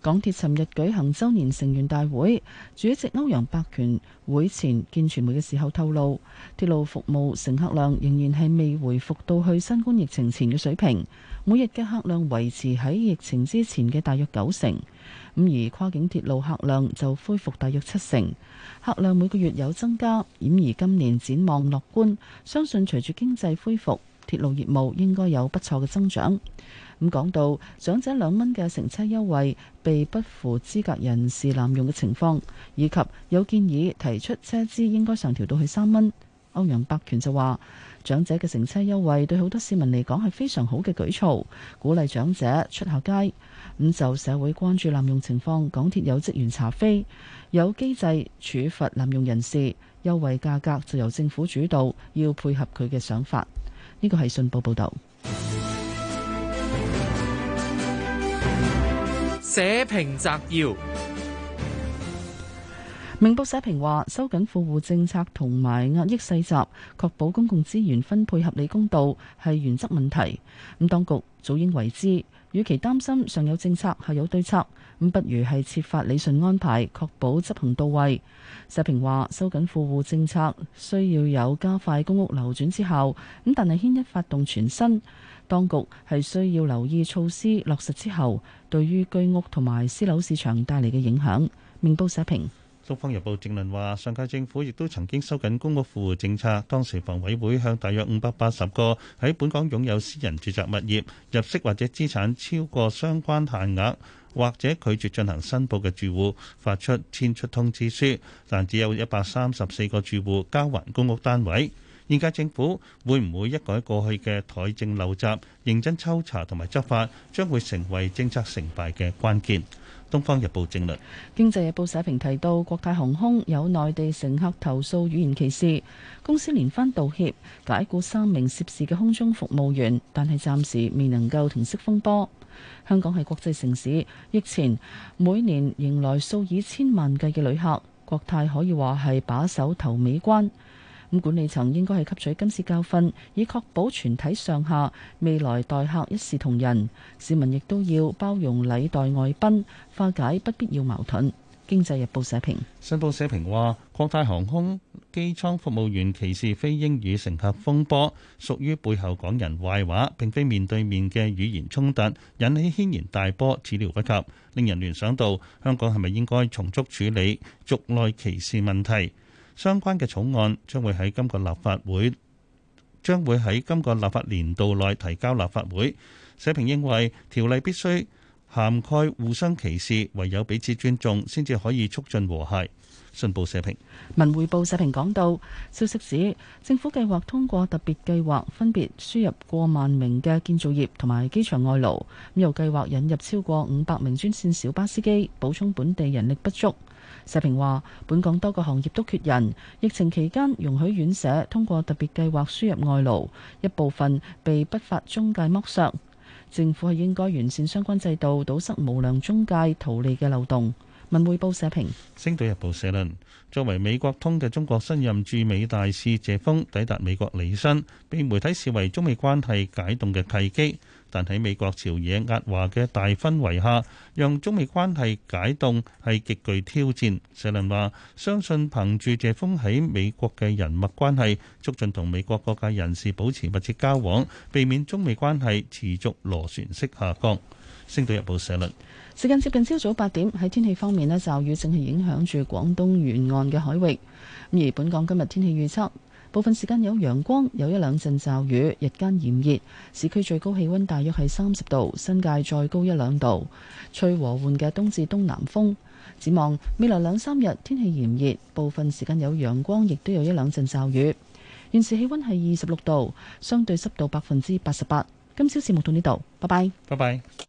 C: 港鐵尋日舉行周年成員大會，主席歐陽伯權會前見傳媒嘅時候透露，鐵路服務乘客量仍然係未回復到去新冠疫情前嘅水平，每日嘅客量維持喺疫情之前嘅大約九成，咁而跨境鐵路客量就恢復大約七成，客量每個月有增加，顯而今年展望樂觀，相信隨住經濟恢復，鐵路業務應該有不錯嘅增長。咁講到長者兩蚊嘅乘車優惠被不符資格人士濫用嘅情況，以及有建議提出車資應該上調到去三蚊。歐陽伯權就話：長者嘅乘車優惠對好多市民嚟講係非常好嘅舉措，鼓勵長者出下街。咁就社會關注濫用情況，港鐵有職員查飛，有機制處罰濫用人士，優惠價格就由政府主導，要配合佢嘅想法。呢個係信報報導。
L: 社評摘要：
C: 明報社評話，收緊富戶政策同埋壓抑細集，確保公共資源分配合理公道係原則問題。咁當局早應為之，與其擔心上有政策下有對策，咁不如係設法理順安排，確保執行到位。社評話，收緊富戶政策需要有加快公屋流轉之後，咁但係牽一髮動全身。當局係需要留意措施落實之後，對於居屋同埋私樓市場帶嚟嘅影響。明報社評，
D: 《南方日報》評論話：上屆政府亦都曾經收緊公屋富戶政策，當時房委會向大約五百八十個喺本港擁有私人住宅物業、入息或者資產超過相關限額，或者拒絕進行申報嘅住戶發出遷出通知書，但只有一百三十四個住戶交還公屋單位。現屆政府會唔會一改過去嘅台政陋習，認真抽查同埋執法，將會成為政策成敗嘅關鍵。《東方日報》正論，
C: 《經濟日報》社評提到，國泰航空有內地乘客投訴語言歧視，公司連番道歉，解雇三名涉事嘅空中服務員，但係暫時未能夠停息風波。香港係國際城市，疫前每年迎來數以千萬計嘅旅客，國泰可以話係把守頭尾關。咁管理層應該係吸取今次教訓，以確保全體上下未來待客一視同仁。市民亦都要包容禮待外賓，化解不必要矛盾。經濟日報社評，
D: 新報社評話：國泰航空機艙服務員歧視非英語乘客風波，屬於背後講人壞話，並非面對面嘅語言衝突，引起軒然大波，始料不及，令人聯想到香港係咪應該從速處理族內歧視問題？相關嘅草案將會喺今個立法會將會喺今個立法年度內提交立法會。社評認為條例必須涵蓋互相歧視，唯有彼此尊重，先至可以促進和諧。信報社評，
C: 文匯報社評講到，消息指政府計劃通過特別計劃，分別輸入過萬名嘅建造業同埋機場外勞，咁又計劃引入超過五百名專線小巴司機，補充本地人力不足。社評話：本港多個行業都缺人，疫情期間容許院舍通過特別計劃輸入外勞，一部分被不法中介剝削。政府係應該完善相關制度，堵塞無良中介圖利嘅漏洞。文匯報社評，
D: 星島日報社論：作為美國通嘅中國新任駐美大使謝鋒抵達美國履新，被媒體視為中美關係解凍嘅契機。但喺美國朝野壓華嘅大氛圍下，讓中美關係解凍係極具挑戰。社論話：相信憑住謝鋒喺美國嘅人脈關係，促進同美國各界人士保持密切交往，避免中美關係持續螺旋式下降。星島日報社論。
C: 時間接近朝早八點，喺天氣方面呢，驟雨正係影響住廣東沿岸嘅海域。而本港今日天,天氣預測。部分時間有陽光，有一兩陣驟雨，日間炎熱，市區最高氣温大約係三十度，新界再高一兩度，吹和緩嘅東至東南風。展望未來兩三日天氣炎熱，部分時間有陽光，亦都有一兩陣驟雨。現時氣温係二十六度，相對濕
K: 度百分之八十八。今朝節目到呢度，拜拜，拜拜。